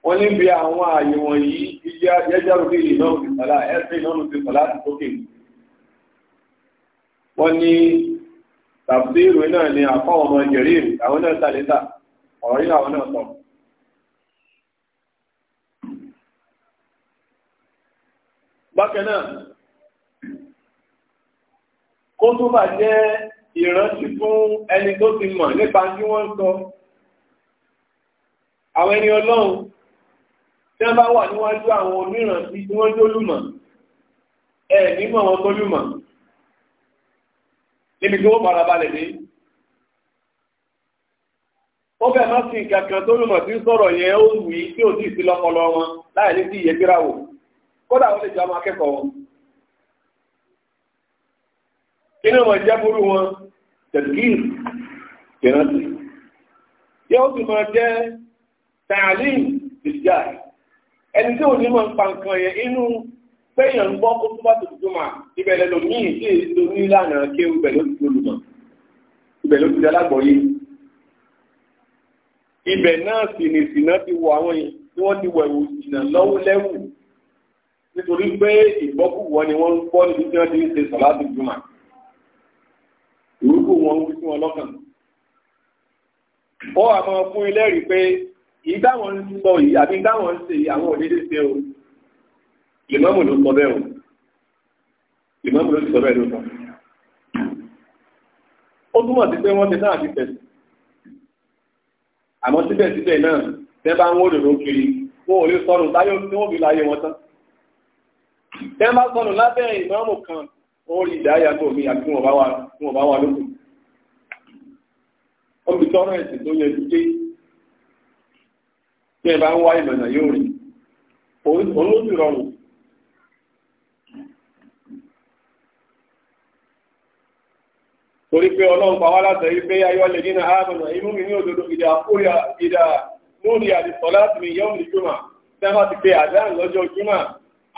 wọ́n ní bí àwọn ààyè wọ̀nyí yẹ́jọ́rùdé ìnáwó ti sàlá ẹ̀sẹ̀ ìnáwó ti sàlá ti sókè wọ́n ní tàbíìrù náà ni àfáwọn ọmọ jẹ̀rí àwọn náà sàlẹ́sà ọ̀rọ̀ yìí àwọn náà sọ bákan náà kó tó bà jẹ́ ìrántí fún ẹni tó ti mọ̀ nípa tí wọ́n ń sọ àwọn ẹni ọlọ́run tí wọ́n bá wà níwájú àwọn onírántí tí wọ́n jólùmọ̀ ẹ̀ nímọ̀ wọn tó lùmọ̀ níbi tí wọ́n bára balẹ̀ dé ó fẹ́ má sí nǹkan kan tó lùmọ̀ sí sọ̀rọ̀ yẹn ó wù í tí ò sí ìsílọ́pọlọ wọn láì ní sí ìyẹ́gbéráwò kódà ó lè jọ ọmọ akẹ́kọ̀ọ́ wọn kí ni wọ́n jẹ́ burú wọn tẹ̀síkìr ìrántí yóò sì máa jẹ́ tààlìm ìjà ẹni tí òní máa ń pa nǹkan yẹn inú péyàn ń gbọ́ kó túbọ̀ tó tuntun mà ìbẹ̀lẹ̀ lòmíì sí èso nílànà kéwù bẹ̀lẹ̀ ó ti tó lùmọ̀ ìbẹ̀lẹ̀ ó ti dá lágbọ̀ọ́yé ibẹ̀ náà sì ni ìsìná ti wọ àwọn yìí tí wọ́n ti wẹ̀wù ìsìná lọ́wọ́ lẹ́wù nítorí pé ìgbọ́kùwọ́ ni wọ́n ń gbọ́ níbi tí wọ́n ti ń ṣe sọ̀lá tuntun mà ìrúkú wọn wí fún ọlọ́kàn ó àmọ́ fún ilé rí pé ìdáwọn ń sọ yìí àbí ìdáwọn ń ṣe àwọn òdédé ṣe o ìmọ̀mù ló sọ bẹ́ẹ̀ o ìmọ̀mù ló sọ bẹ́ẹ̀ ló sọ ó túmọ̀ sí pé wọ́n ti náà ti tẹ̀sí àmọ́ síbẹ̀síbẹ̀ náà tẹ́ bá ń wó dòdò kiri wọn ò lè sọnù láyé tí wọ́n fi láyé wọn tán tẹ́ bá sọnù lábẹ́ ìmọ̀mù kan ó rí ìdáyà tó mi àti wọn bá wà lókun omi tọrọ ẹsìn tó yẹ dúdé tí ẹ bá ń wá ìmọ̀nà yóò rí olóòtú rọrùn torí pé ọlọ́run pa wá láti rí pé ayọ́lẹ̀ nínú ààbọ̀nà inú mi ní òdodo ìdá àkóyà ìdá lórí àdìsọ láti mi yọ́mù a ti pé àdáhùn lọ́jọ́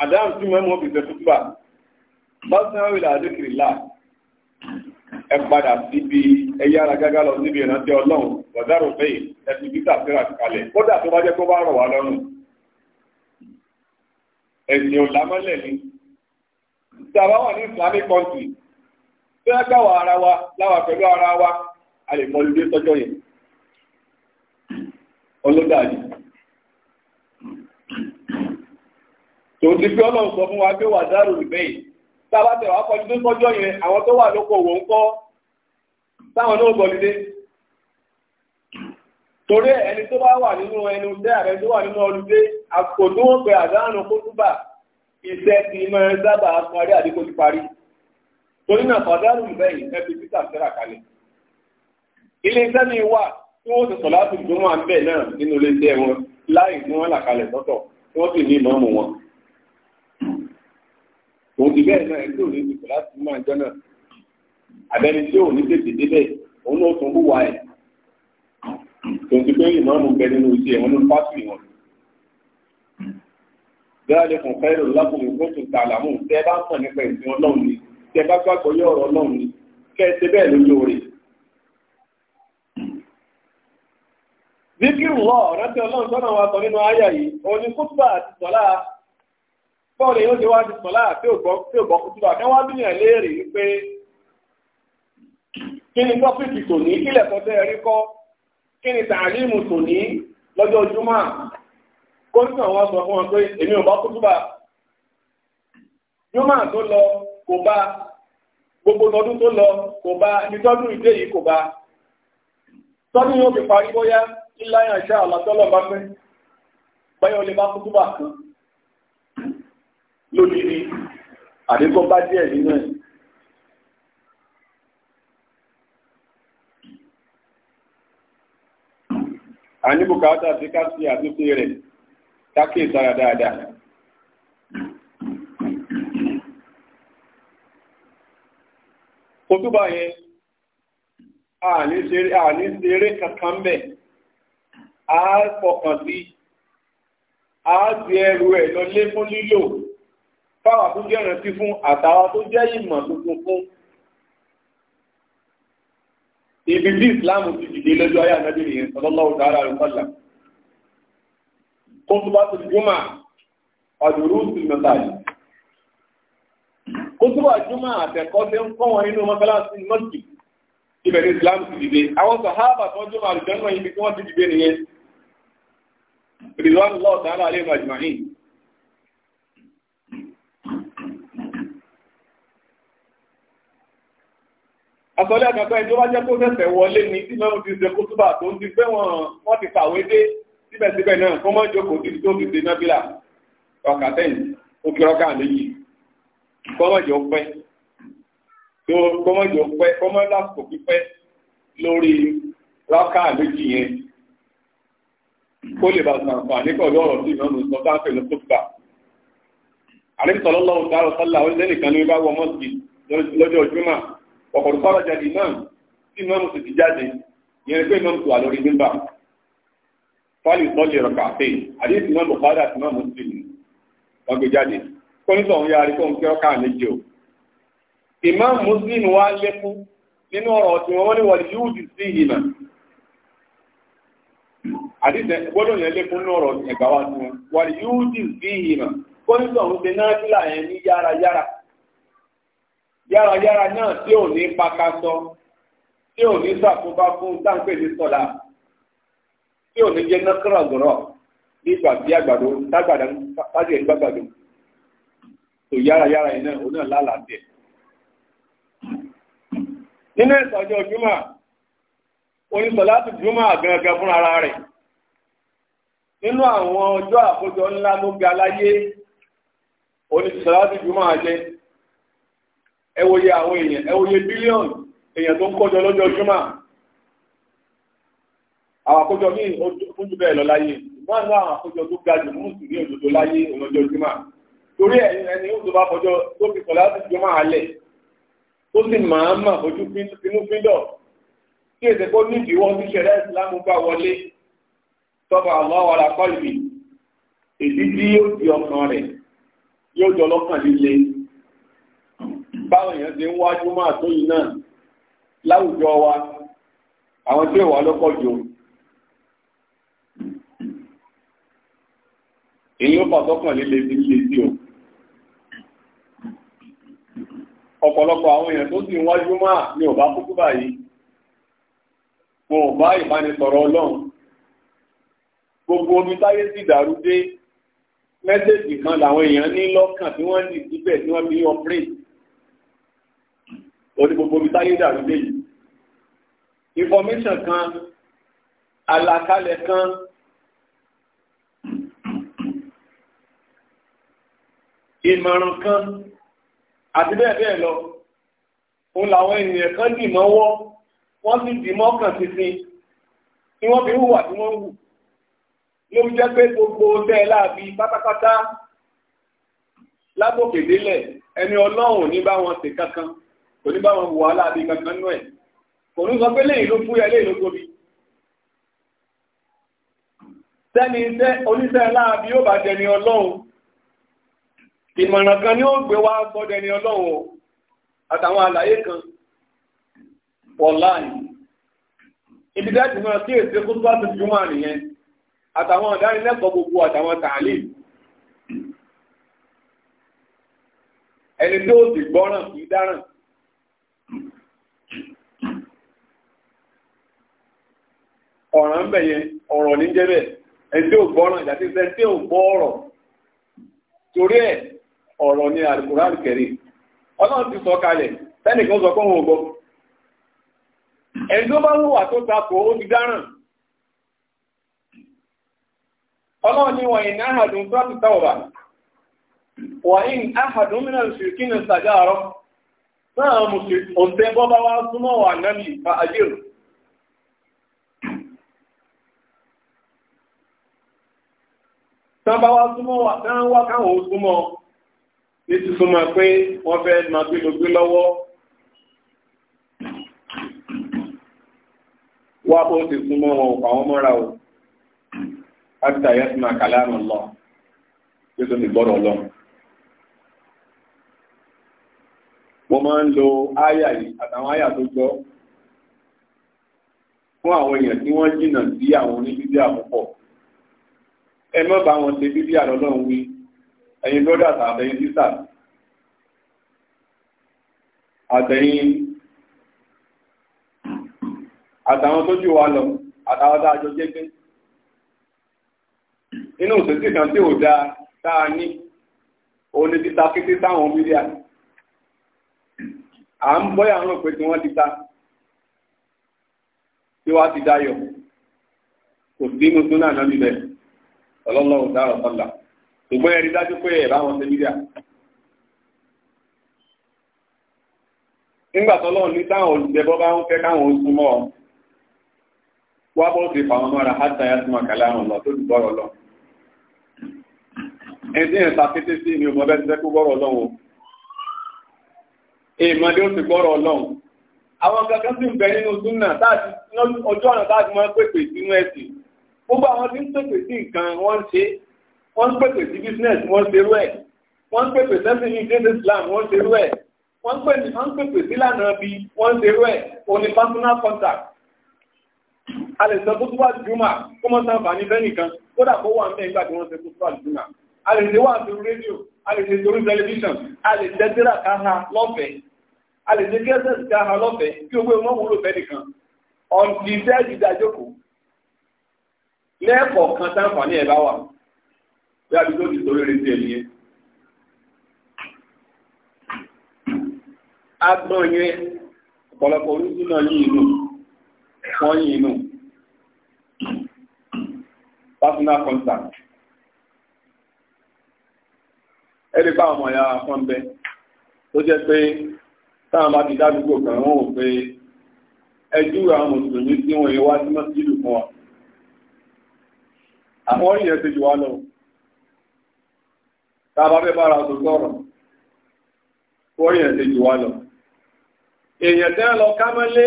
àdáhùn mẹ́mọ́ bìbẹ̀ mọ́sán ìlà àdékìrì láà ẹ padà síbi ẹyára gágá lọ síbi ìrántí ọlọ́run wọ̀dárò bẹ́ẹ̀ ẹ ti bí tàbíra kalẹ̀ kódà tó bá jẹ́ kó bá rọ̀ wá lọ́rùn ẹ̀sìn òlámọ́lẹ̀ ni tí a bá wà ní islamic country tí wọ́n gbà wà ara wa láwà pẹ̀lú ara wa a lè mọ ilé tọ́jọ́ yẹn ọlọ́dàájú tòun ti fi ọlọ́run sọ fún wa pé wà dárò ìbẹ́yìí tábà tẹ̀ wá kọjú tó kọjọ́ yẹn àwọn tó wà lóko òwò ń kọ́ táwọn náà gbọ́lidé torí ẹni tó bá wà nínú ẹnu tẹ́ ààrẹ tó wà nínú ọlùdé àpò tó wọ́n pẹ̀ àdánù kó túbà iṣẹ́ ti máa sábà parí àdíkò ti parí torí náà fàdánù lẹ́yìn ẹbí títà sẹ́ra kalẹ̀ ilé iṣẹ́ mi wà tí wọ́n ti sọ̀ láti ìdúnmọ̀ àbẹ̀ náà nínú ilé iṣẹ́ wọn láì tí wọ́n là kalẹ̀ sọ́tọ̀ tí wọ́n sì ní ìmọ̀ọ́mù wọn òun ti bẹ́ẹ̀ náà ẹgbẹ́ òní ìpè láti mú àjọ náà abẹ́ni tí òun ní tètè débẹ̀ òun náà tún hùwà ẹ̀ tòun ti pé ìmọ̀ọ́mù bẹ nínú iṣẹ́ ẹ̀ wọn ní pásítì wọn. bẹ́ẹ̀ lè fún fẹ́rẹ̀ lákùnrin fún tòun ta àlàmú tẹ́ bá mọ̀ nípa ìsìn ọlọ́run ni tẹ́ bá gbàgbọ́ yọ ọ̀rọ̀ ọlọ́run ni kẹ́ ẹ ṣe bẹ́ẹ̀ lójú rẹ̀. zikiru lọ ọ̀rẹ́ntẹ́ ọlọ́run sọ́nà wa sọ nínú àyà yìí òun ni kútùbà àti sọ́lá bọ́ọ̀lù yóò ṣe wá ti sọ̀lá tí ò gbọ́ kútu bá kẹ́wọ́n bí yàn léèrè wípé kí ni tọ́pìkì tòní kílẹ̀ kan tẹ́ ẹrí kọ́ kí ni tààlímù tòní lọ́jọ́ wọn sọ fún wọn pé èmi ò bá kútu bá tó lọ kò bá gbogbo tọdún tó lọ kò bá ìdé yìí kò bá yóò fi parí bóyá bá fẹ́ báyọ̀ lódìrí àdékọ́ bá díẹ̀ nínú ẹ̀. a ní bùkátà sí ká sí àtúnṣe rẹ̀ tákì sára dáadáa. yẹn, a ní ṣeré kankan bẹ̀, a fọkàn sí, a gbé ẹrù ẹ̀ lọ lé fún fáwà tó jẹ́ ìrántí fún àtàwà tó jẹ́ ìmọ̀ tuntun fún ibi tí islam ti dìde lọ́jọ́ ayé ànábì nìyẹn sallallahu ta'ala alaihi wa sallam khutbatul jumu'ah wa durusul masajid kótóbà jùmọ̀ àtẹ̀kọ́ tí ń kọ́ wọn inú mọ́kálásí mọ́sí ìbẹ̀rẹ̀ islam ti dìde àwọn sàhábà tó jùmọ̀ àlùjọ́nà ibi tí wọ́n ti dìde nìyẹn ridwanullahu ta'ala alaihim ajma'in àsọlẹ̀ àkàkọ́ ẹni tó bá jẹ́ kó fẹ́fẹ́ wọlé ní tí mẹ́rún ti ṣe kó túbà tó ń ti pé wọ́n ti kàwé dé síbẹ̀síbẹ̀ náà kó mọ́ jókòó tí tó fi ṣe nábìlà ọkà tẹ́yìn ó kí ọkà méjì kọ́mọ̀jọ pẹ́ tó kọ́mọ̀jọ pẹ́ kọ́mọ̀ lásìkò pípẹ́ lórí rákà méjì yẹn kó lè bá sàǹfà nípọ̀lú ọ̀rọ̀ tí ìmọ̀nù sọ sáfẹ́ lọ kótóbà àrísọ̀lọ́lọ́wọ́ sálà ó lẹ́nìkan ló bá wọ mọ́sì lọ́jọ́ júmọ̀ ọ̀pọ̀lọpọ̀ kọ́ra imam tí imam sì ti jáde ìyẹn pé imam tó wà lórí mímbà fáìlì kàfé àdéhùn imam imam wọ́n gbé jáde òun yára méjì o imam muslim wá nínú ọ̀rọ̀ tí wọ́n ní wọ́n yóò sí gbọ́dọ̀ yẹn ní ọ̀rọ̀ wa tí wọ́n yóò sí òun ṣe yárayára náà tí ò ní pakasọ tí ò ní sàkóbá fún táǹpẹ̀ ní sọ̀la tí ò ní jẹ́ nọ́kírọ̀ gbọ́rọ̀ nígbà tí àgbàdo tágbàdá tájú ẹ̀ gbàgbàdo tó yárayára yẹn náà òun náà lálàáfíà. nínú ẹ̀sán ọjọ́ júmọ̀ onísọ̀láàtù júmọ̀ gangan fún ara rẹ̀ nínú àwọn ọjọ́ àkójọ ńlá ló ga láyé onísọ̀láàtù júmọ̀ jẹ́ ẹ wòye àwọn èèyàn ẹ wòye bílíọ̀nù èèyàn tó ń kójọ lọ́jọ́ júmọ́ àwọn àkójọ míì fún jù bẹ́ẹ̀ lọ láyé wọ́n lọ àwọn àkójọ tó ga jù mú ní òdodo láyé ọlọ́jọ́ júmọ́ torí ẹni òdodo bá fọjọ́ tó fi sọ láti jọmọ́ alẹ̀ tó sì máa ń mà fojú finúfíndọ̀ tí èsè kó nídìí wọn ti ṣẹlẹ̀ ìsìlámù bá wọlé tọ́ba àwọn ọ̀rọ̀ àkọ́lùbì èdè tí yóò di ọkàn rẹ̀ yóò jọ lọ́kàn líle báwọn èèyàn ti ń wájú máa tó yìí náà láwùjọ wa àwọn tí ìwà lọ́pọ̀ jù èyí ó fà líle sí ilé sí o ọ̀pọ̀lọpọ̀ àwọn èèyàn tó sì ń wájú máa ní ọ̀bá kúkú báyìí wọn ò bá ìbánisọ̀rọ̀ ọlọ́run gbogbo omi táyé sì dàrú dé mẹ́sẹ̀jì kan làwọn èèyàn ní lọ́kàn tí wọ́n ní síbẹ̀ tí wọ́n fi ń ọpírẹ́tì orí gbogbo mi táyé dàrú dé yìí information kan àlàkalẹ̀ kan ìmọ̀ràn kan àti bẹ́ẹ̀ bẹ́ẹ̀ lọ òun làwọn ènìyàn kan dì mọ́wọ́ wọ́n sì dì mọ́kàn sísìn tí wọ́n fi hùwà tí wọ́n hù ló jẹ́ pé gbogbo tẹ́ láàbí pátápátá lágbòkèdélẹ̀ ẹni ọlọ́run ní bá wọn kò ní bá wọn wò wàhálà àbí kankan nú ẹ̀ kò ní sọ pé léyìn ló fúyẹ́ léyìn ló tóbi sẹ́ni iṣẹ́ oníṣẹ́ láàbí ó bá dẹni ọlọ́run ìmọ̀ràn kan ni ó gbé wá gbọ́ dẹni ọlọ́run àtàwọn àlàyé kan wọ̀láàyè ibi dájú náà sí èsì kó tó ti júmọ́ nìyẹn àtàwọn ọ̀dánilẹ́kọ̀ọ́ gbogbo àtàwọn tààlì ẹni tó ti gbọ́ràn kì í dáràn ọ̀rọ̀ ń yẹn ọ̀rọ̀ ní jẹ́ bẹ́ẹ̀ ẹni ò ò gbọ́ ọ̀rọ̀ torí ẹ̀ ọ̀rọ̀ ni Al-Qur'an ọlọ́run ti sọ kalẹ̀ tẹ́nìkan sọ pé òun ò tó bá wùwà tó takò ó ti dáràn ọlọ́run ni wọ̀nyí ní ahàdùn tó wà tán bá wá súnmọ́ wà tán wá káwọn ó súnmọ́ ní ti súnmọ́ pé wọ́n fẹ́ máa gbé lọ gbé lọ́wọ́ wá bó ti súnmọ́ wọn pa wọ́n mọ́ra o láti tàyẹ́ sí máa ń lo áyà yìí àtàwọn áyà tó gbọ́ fún àwọn èèyàn tí wọ́n jìnnà sí àwọn oníbíbí àkópọ̀ ẹ mọ́ bá wọn ṣe bíbí àlọ́lọ́ wí ẹ̀yin brothers àtẹ̀yin sisters àtẹ̀yin àtàwọn tó jù wá lọ àtàwọn tá a jọ jẹ́ pé inú òṣèṣì kan tí ò dáa tá a ní òun ni títa kété táwọn mídíà à ń bọ́yà àwọn òpè tí wọ́n ti ta tí wá ti dayọ̀ kò sí inú súnà náà níbẹ̀. ọlọ́lọ́run dáhùn sọ́là ṣùgbọ́n ẹ̀rí dájú pé ẹ̀ ṣe bídíà. nígbà ní táwọn olùdẹ́bọ́ bá ń fẹ́ káwọn oṣù mọ́ ọ sí fàwọn mọ́ra àwọn ọ̀nà tó lọ. ẹni tí ẹ̀ sí ni ọmọ bẹ́ẹ̀ ti fẹ́ kó gbọ́rọ̀ àwọn kankan sì ń bẹ nínú súnà gbogbo àwọn tí ń pèpè sí nǹkan wọ́n ń ṣe wọ́n ń pèpè sí business wọ́n ń ṣerú ẹ̀ wọ́n ń pèpè sẹ́sìn ní jésù islam wọ́n ń ṣerú ẹ̀ wọ́n ń pèpè wọ́n ń pèpè sílànà bí wọ́n ń ṣerú ẹ̀ òní personal contact a lè sọ kótó wà jùmọ̀ kó mọ́ sáǹfà ní bẹ́nìkan kódà kó wà mẹ́rin gbà tí wọ́n ṣe kótó wà jùmọ̀ a lè ṣe wà sórí rédíò a lè ṣe sórí tẹlifíṣàn a lè ṣe tẹ́lá káha lọ́fẹ̀ẹ́ a lè ṣe kẹ́sẹ̀sì káha lọ́fẹ̀ẹ́ kí owó ìmọ̀ wúlò bẹ́nìkan ọ̀n kì í sẹ́ẹ̀dì dájókòó lẹ́ẹ̀kọ̀ọ̀kan sáǹfààní ẹ̀ bá wà bí a bí tó ti torí retí ẹ̀ nìyẹn. agbọ́n yẹn ọ̀pọ̀lọpọ̀ oríṣi náà yí inú wọ́n yí inú personal contact ẹ̀rí bá ọmọ ìyá fún bẹ tó jẹ́ pé táwọn bá ti dádúgbò kan wọ́n wò pé ẹjú àwọn mùsùlùmí tí wọ́n yẹ wá sí mọ́sílù fún wa àmọ́ ìyẹn ti jù wá lọ tá a bá fẹ́ bára tó sọ̀rọ̀ wọ́n yẹn ti jù wá lọ èèyàn tẹ́ lọ kámọ́lé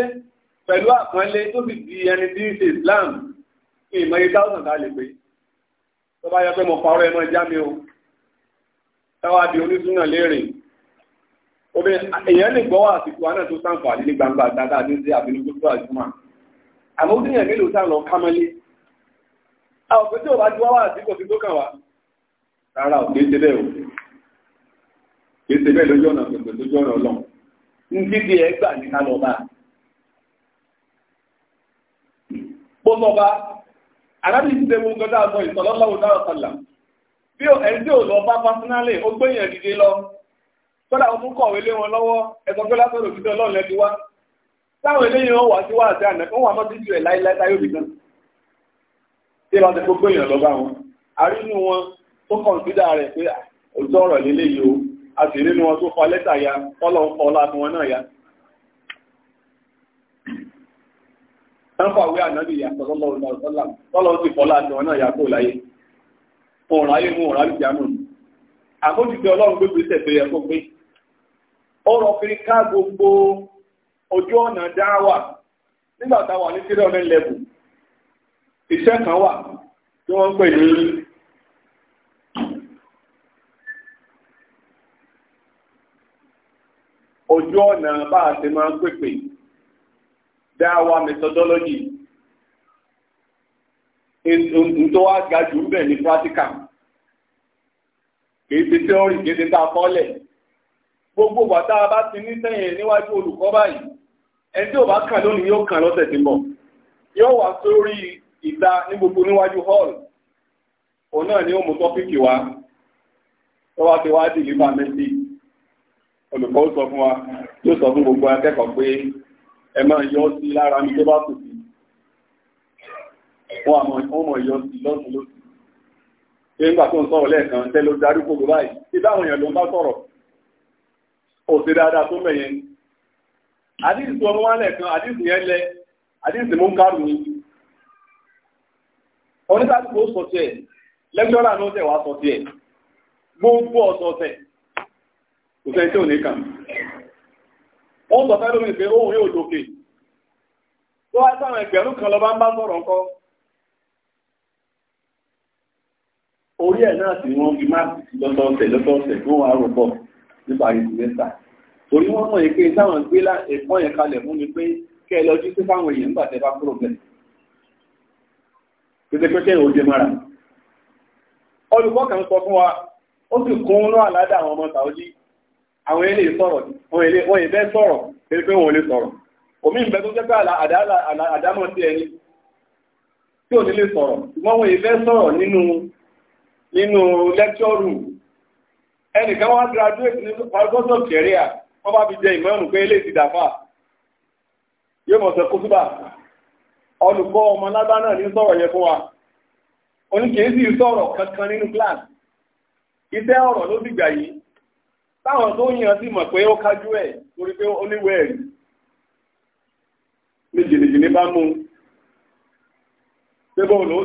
pẹ̀lú àpọ́nlé tó sì di ẹni tí ń ṣe Islam ìmọ̀ yìí táwọn tá a lè pé tó bá yẹ pé mo parọ́ ẹmọ ìjà mi o táwa di onísúná lérìn èèyàn lè gbọ́ wà àsìkò àná tó sàǹfààní ní gbangba dáadáa ní sí àbínú gbogbo àjùmọ̀ àmọ́ ó dìyàn mélòó sá lọ kámọ́lé àwọn òpin tí ò bá ju wáwà àti kò sí tó kàn wá rárá ò kìí ṣe bẹ́ẹ̀ o kìí ṣe bẹ́ẹ̀ lójú ọ̀nà pẹ̀lú lójú ọ̀nà ọlọ́run ní títí ẹ gbà ní kálọ̀ bá pọ́sọ̀ bá arábìnrin ti tẹ́wọ́ nǹkan dáa sọ ìsọ̀lọ́láwò dáa sọ̀là bí ẹni tí ò lọ bá pásínálì ó gbé yẹn dìde lọ kódà ó mú kọ̀wé lé wọn lọ́wọ́ ẹ̀sọ́ pé lásán òṣìṣẹ́ ọlọ́run lẹ́ti wá táwọn eléyìí wọn wà sí àti àná wà mọ́ sí ju ẹ̀ láíláí táyọ̀ nìkan tí wọ́n ti gbogbo èèyàn lọ́gbà wọn àrínú wọn tó kọ̀ǹsídà rẹ̀ pé ah, òótọ́ ọ̀rọ̀ lélẹ̀ yìí o a sì nínú wọn tó fa lẹ́tà ya tọ́lọ̀ ń wọn náà ya. sáńfàwé ànábì yàtọ̀ tọ́lọ̀ ti ya kó láyé òun ọlọ́run gbé gbèsè iṣẹ́ kan wà tí wọ́n pè ní ojú ọ̀nà bá a máa ń pèpè dáwà methodology ntọ́ wa ga jù bẹ̀ ní kìí ti kìí ta gbogbo bàtà bá ti ní sẹ́yìn níwájú olùkọ́ báyìí ẹni tí ò bá kàn lónìí yóò lọ́sẹ̀ tí ìta ní gbogbo níwájú hall òun náà ni ó mú tọ́pìkì wá tó wá ti wá dì nípa mẹ́sì olùkọ́ ó sọ fún wa yóò sọ fún gbogbo akẹ́kọ̀ọ́ pé ẹ máa yọ sí lára mi tó bá kù sí wọn àmọ́ mọ̀ yọ sí lọ́sùn lóṣù pé nígbà tó ń sọ̀rọ̀ lẹ́ẹ̀kan tẹ́ ló darí gbogbo báyìí tí táwọn èèyàn ló ń bá sọ̀rọ̀ ò sí dáadáa tó mẹ̀yẹn àdíìsì ọmọ wa lẹ́ẹ̀kan àdíìsì yẹn lẹ àdíìsì mú kárù ni oníkàlùkù ó sọ tiẹ̀ lẹ́gbẹ́rà ló tẹ̀ wá sọ tiẹ̀ gbogbo ọ̀sọ̀ọ̀sẹ̀ kò fẹ́ tí ò ní kàn wọ́n sọ fẹ́ lómi pé ohun yóò lókè tó wá sáwọn ẹgbẹ̀rún kan lọ́ba ń bá sọ̀rọ̀ ńkọ́ orí ẹ̀ náà sì wọ́n fi máa lọ́sọ̀ọ̀sẹ̀ lọ́sọ̀ọ̀sẹ̀ tó wà rò pọ̀ nípa ìsìlẹ́sà torí wọ́n mọ̀ pé táwọn gbé ẹ̀kọ́ yẹn kalẹ̀ fún mi pé kẹ́ ẹ lọ jí sí fáwọn èèyàn nígbà tẹ́ bá kúrò bẹ́ẹ̀ títí pé kéèyàn ó dé mọ́ra olùkọ́ kan sọ fún wa ó sì kún inú àládà àwọn ọmọ sàójí àwọn ilé sọ̀rọ̀ wọn ilé sọ̀rọ̀ títí pé wọn ò lè sọ̀rọ̀ omi ìbẹ tó jẹ́ pé àdámọ̀ sí ẹni tí ò ní lè sọ̀rọ̀ ṣùgbọ́n wọn ilé sọ̀rọ̀ lecture room ẹnìkan wá graduate ní ọgọ́sọ̀ kẹrìà wọ́n bá fi jẹ ìmọ̀ràn pé ilé ti dàfà yóò mọ̀ sọ kó olùkọ́ ọmọ lábá náà ní sọ̀rọ̀ yẹ fún wa oníkèésì sọ̀rọ̀ kankan nínú klas. iṣẹ́ ọ̀rọ̀ ló dìgbà yìí táwọn tó yàn sí mọ̀ pé ó kájú ẹ̀ torí pé ó níwẹ̀ ẹ̀rí ní jìnnìjìnnì bá mú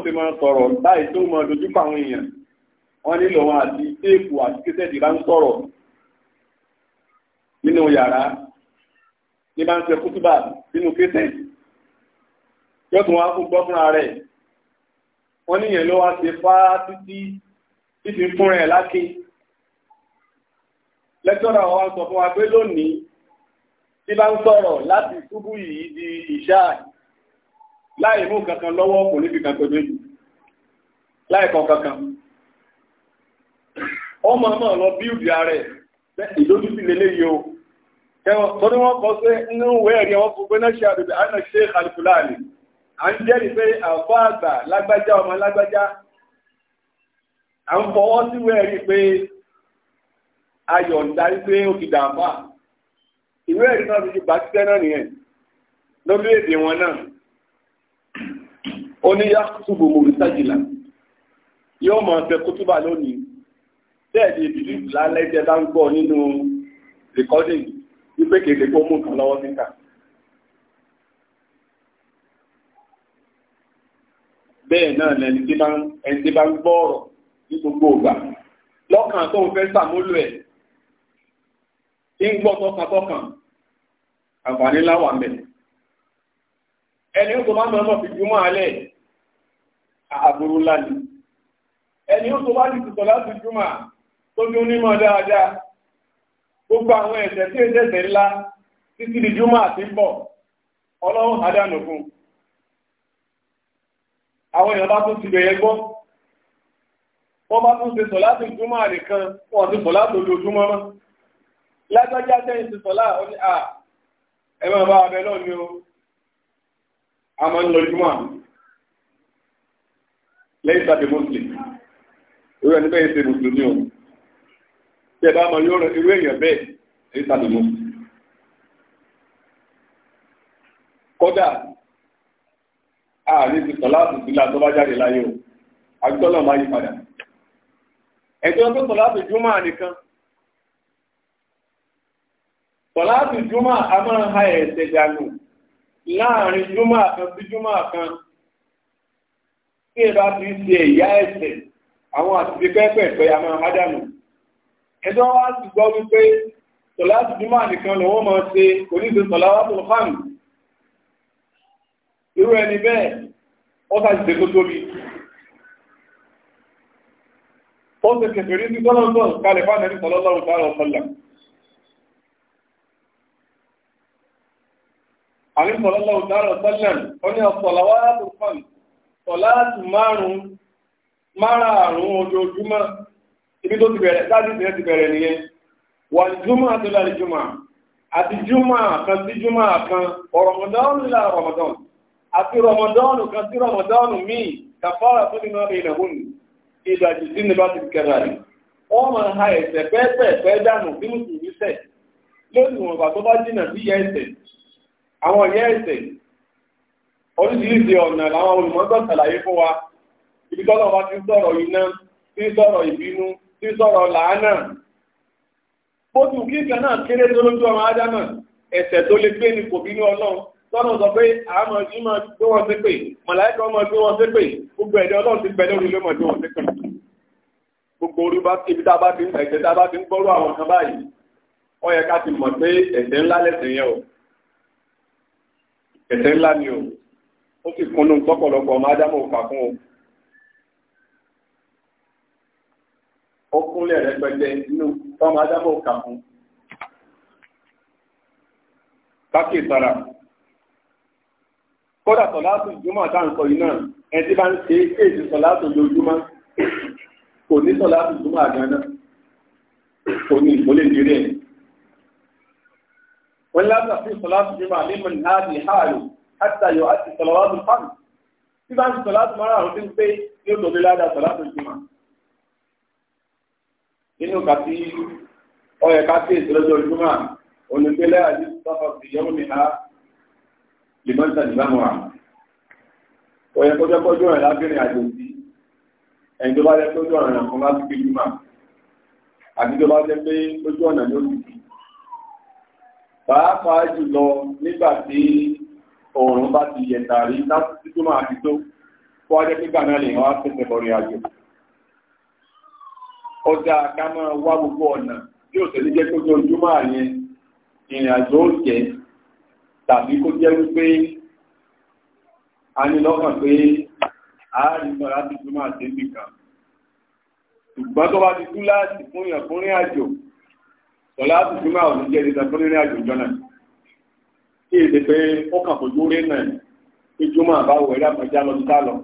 ti máa sọ̀rọ̀ láì tó mọ dojúkọ àwọn èèyàn nílò wọn àti téèpù àti bá ń sọ̀rọ̀ nínú yàrá ní yóò tún wá fún gbọ́fúnra rẹ̀ wọ́n níyẹn ló wá ṣe fá títí títí fún rẹ̀ lákè lẹ́tọ́rà wa sọ fún wa pé lónìí tí bá ń sọ̀rọ̀ láti ṣubú yìí di ìṣá láì mú kankan lọ́wọ́ kò níbi kan tó méjì láì kọ kankan ọmọ náà lọ bíúdì ààrẹ ìlójú sí lélẹ́yìí o tọ́ni wọ́n kọ́ sí inú ìwé ẹ̀rí wọn fún pé náà ṣe àdùbẹ̀ àná ṣe àdùbẹ̀ láàrin à ń jẹ́rìí pé àfọ́ àgbà lágbájá ọmọ lágbájá à ń fọwọ́ síwẹ̀ rí pé ayọ̀ ń darí pé ó ti dàáfà ìwé ẹ̀rí náà ti gbà títẹ́ náà nìyẹn lórí èdè wọn náà ó ní yá túbò mò ń sájìlá yóò mọ̀ ọ̀sẹ̀ kútúbà lónìí tẹ́ẹ̀dì ìbìlì lálẹ́ jẹ́ bá ń gbọ́ nínú rìkọ́dìnì wípé kèdè kó mú nǹkan lọ́wọ́ síta. bẹ́ẹ̀ náà lẹni tí bá ẹni tí bá ń gbọ́ ọ̀rọ̀ ní gbogbo ìgbà lọ́kàn tó ń fẹ́ sàmúlò ẹ̀ tí ń gbọ́ tọkàntọkàn àǹfààní láwà mẹ́ ẹni ó tó máa mọ̀ ọ́ fi jùmọ̀ alẹ́ àbúrú ńlá ni ẹni ó tó wá ní tìtọ̀ láti jùmọ̀ tó ní onímọ̀ dáadáa gbogbo àwọn ẹ̀ṣẹ̀ tí ó tẹ̀sẹ̀ ńlá títí di jùmọ̀ àti ń bọ̀ ọlọ́run àdánù fún un àwọn èèyàn bá tún ti bẹ̀yẹ gbọ́ wọ́n bá tún ṣe sọ láti ìjúmọ̀ àrè kan wọ́n ti sọ láti ojoojúmọ́ mọ́ lágbájá tẹ́yìn ti sọ láà ó à ẹ bá abẹ náà ni o a máa ń lọ ìjúmọ̀ lẹ́yìn tàbí mùsùlùmí irú ẹni bẹ́ẹ̀ ṣe mùsùlùmí o tí ẹ bá mọ yóò rẹ irú èèyàn bẹ́ẹ̀ lẹ́yìn tàbí mùsùlùmí kódà ààrẹ ti sọ láti sílá tó bá jáde láyé o àgbẹ̀tọ́lọ̀ máa yí padà ẹ̀jọ́ tó sọ láti júmọ́ nìkan sọ láti júmọ́ a máa ha ẹ̀sẹ̀ dànù láàrin júmọ́ kan sí júmọ́ kan tí ẹ bá ti ṣe ẹ̀yà ẹ̀sẹ̀ àwọn àtìsí pẹ́pẹ́pẹ́ a máa ha dànù ẹjọ́ wá ti gbọ́ wípé sọ láti júmọ́ nìkan lòun máa ṣe oníṣẹ́ sọ láwàtò fáàmù irú ẹni bẹ́ẹ̀ wọ́n sá ìṣẹ́ tó tóbi ó ṣe kẹfẹ̀rí sí tọ́lọ́tọ́ kalẹ̀ fánà ní sọlọ́lọ́rùn sáàrọ̀ sọ́lá àní sọlọ́lọ́rùn sáàrọ̀ sọ́lá ó ní ọ̀sọ̀lọ́wọ́ látùfàn sọ̀láàtù márùn-ún márààrún ojoojúmọ́ ibi tó ti bẹ̀rẹ̀ láti ìṣẹ́ ti bẹ̀rẹ̀ nìyẹn wà àti láti júmọ́ sí júmọ́ kan ọ̀rọ̀mọdán ńlá ọ̀rọ̀mọdán àti rọmọdọ́ọ̀nù kan sí rọmọdọ́ọ̀nù míì kàfàrà fún nínú ìrìnàhùn ìdajì sí ní bá ti kẹrà rí wọ́n máa ha ẹ̀ṣẹ̀ pẹ́ẹ́pẹ́ẹ́pẹ́ dànù bí mùsùlùmí ṣẹ̀ lórí wọn bàtọ́ bá jìnà sí yẹ ẹ̀ṣẹ̀ àwọn yẹ ẹ̀ṣẹ̀ oríṣiríṣi ọ̀nà làwọn olùmọ́tò ṣàlàyé fún wa ibi tọ́lọ́ wa ti ń sọ̀rọ̀ iná ti ń sọ̀rọ̀ ìbínú ti ń sọ̀rọ̀ làánà bó ti kí nǹkan kéré tó lójú ọmọ ádámà ẹ̀ṣẹ̀ tó le gbé ni kò bínú ọlọ́run tọ́nà sọ pé àmọ́ tí máa gbé wọn ṣépè màláìkà ọmọ gbé wọn ṣépè gbogbo ẹ̀dẹ́ ọlọ́run ti bẹ̀rẹ̀ orí ló mọ̀ gbé wọn ṣépè gbogbo orí bá ibi tá a bá ti ń ẹ̀jẹ̀ tá a bá ti ń gbọ́rọ̀ àwọn kan báyìí ó yẹ ká ti mọ̀ pé ẹ̀jẹ̀ ńlá lẹ́sẹ̀ yẹn o ẹ̀jẹ̀ ńlá ni o ó sì kúnnú tọ́pọ̀lọpọ̀ ọmọ ádámọ̀ òfà fún o ó kúnlẹ̀ rẹpẹtẹ inú tọ́mọ ádámọ̀ òfà fún kódà sọ̀látò ìjúmọ̀ àtàǹkọ yìí náà ẹni tí bá ń ṣe èsì sọ̀látò lójúmọ́ kò ní sọ̀látò ìjúmọ̀ àgànná kò ní ìkólé nírí ẹ̀. wọ́n lábà fi sọ̀látò ìjúmọ̀ àlẹ́mọ̀ ní àdì háàlù àtàyọ̀ àti sọ̀látò fàm tí bá ń ṣe sọ̀látò márùn-ún tí ń pé yóò tó léládà sọ̀látò ìjúmọ̀. nínú ọ̀yẹ̀ká sí lọ́jọ́ ìjúmọ̀ lèmọ́ta ìbámọ́ra ọ̀yẹ kọjọ́kọjọ́ rẹ̀ lábẹ́rẹ̀ àjò sí ẹni tó bá jẹ́ tó jọ ọ̀nà kan láti pé jùmọ̀ àti tó bá jẹ́ pé tó jọ ọ̀nà ló sì pàápàá jùlọ nígbà tí ọ̀run bá ti yẹ̀ tàrí láti tí tó tó kó wá jẹ́ pé gbà náà lè wá tẹ̀sẹ̀ bọ̀rẹ̀ àjò ọjà ká máa wá gbogbo ọ̀nà tí ò tẹ̀lé jẹ́ tó jọ ìrìn àjò ó jẹ́ tàbí kó jẹ́ wípé a ní lọ́kàn pé a rí sọ́ra ti túmọ̀ àdébì kan ṣùgbọ́n tó bá ti tú láti fún yàn fún rìn àjò sọ̀lá ti túmọ̀ àwọn oníjẹ́ ìdíjà fún rìn àjò jọ́nà kí èdè pé ó kàn fojú rí náà kí túmọ̀ àbáwọ̀ ẹ̀dá kan lọ sí lọ.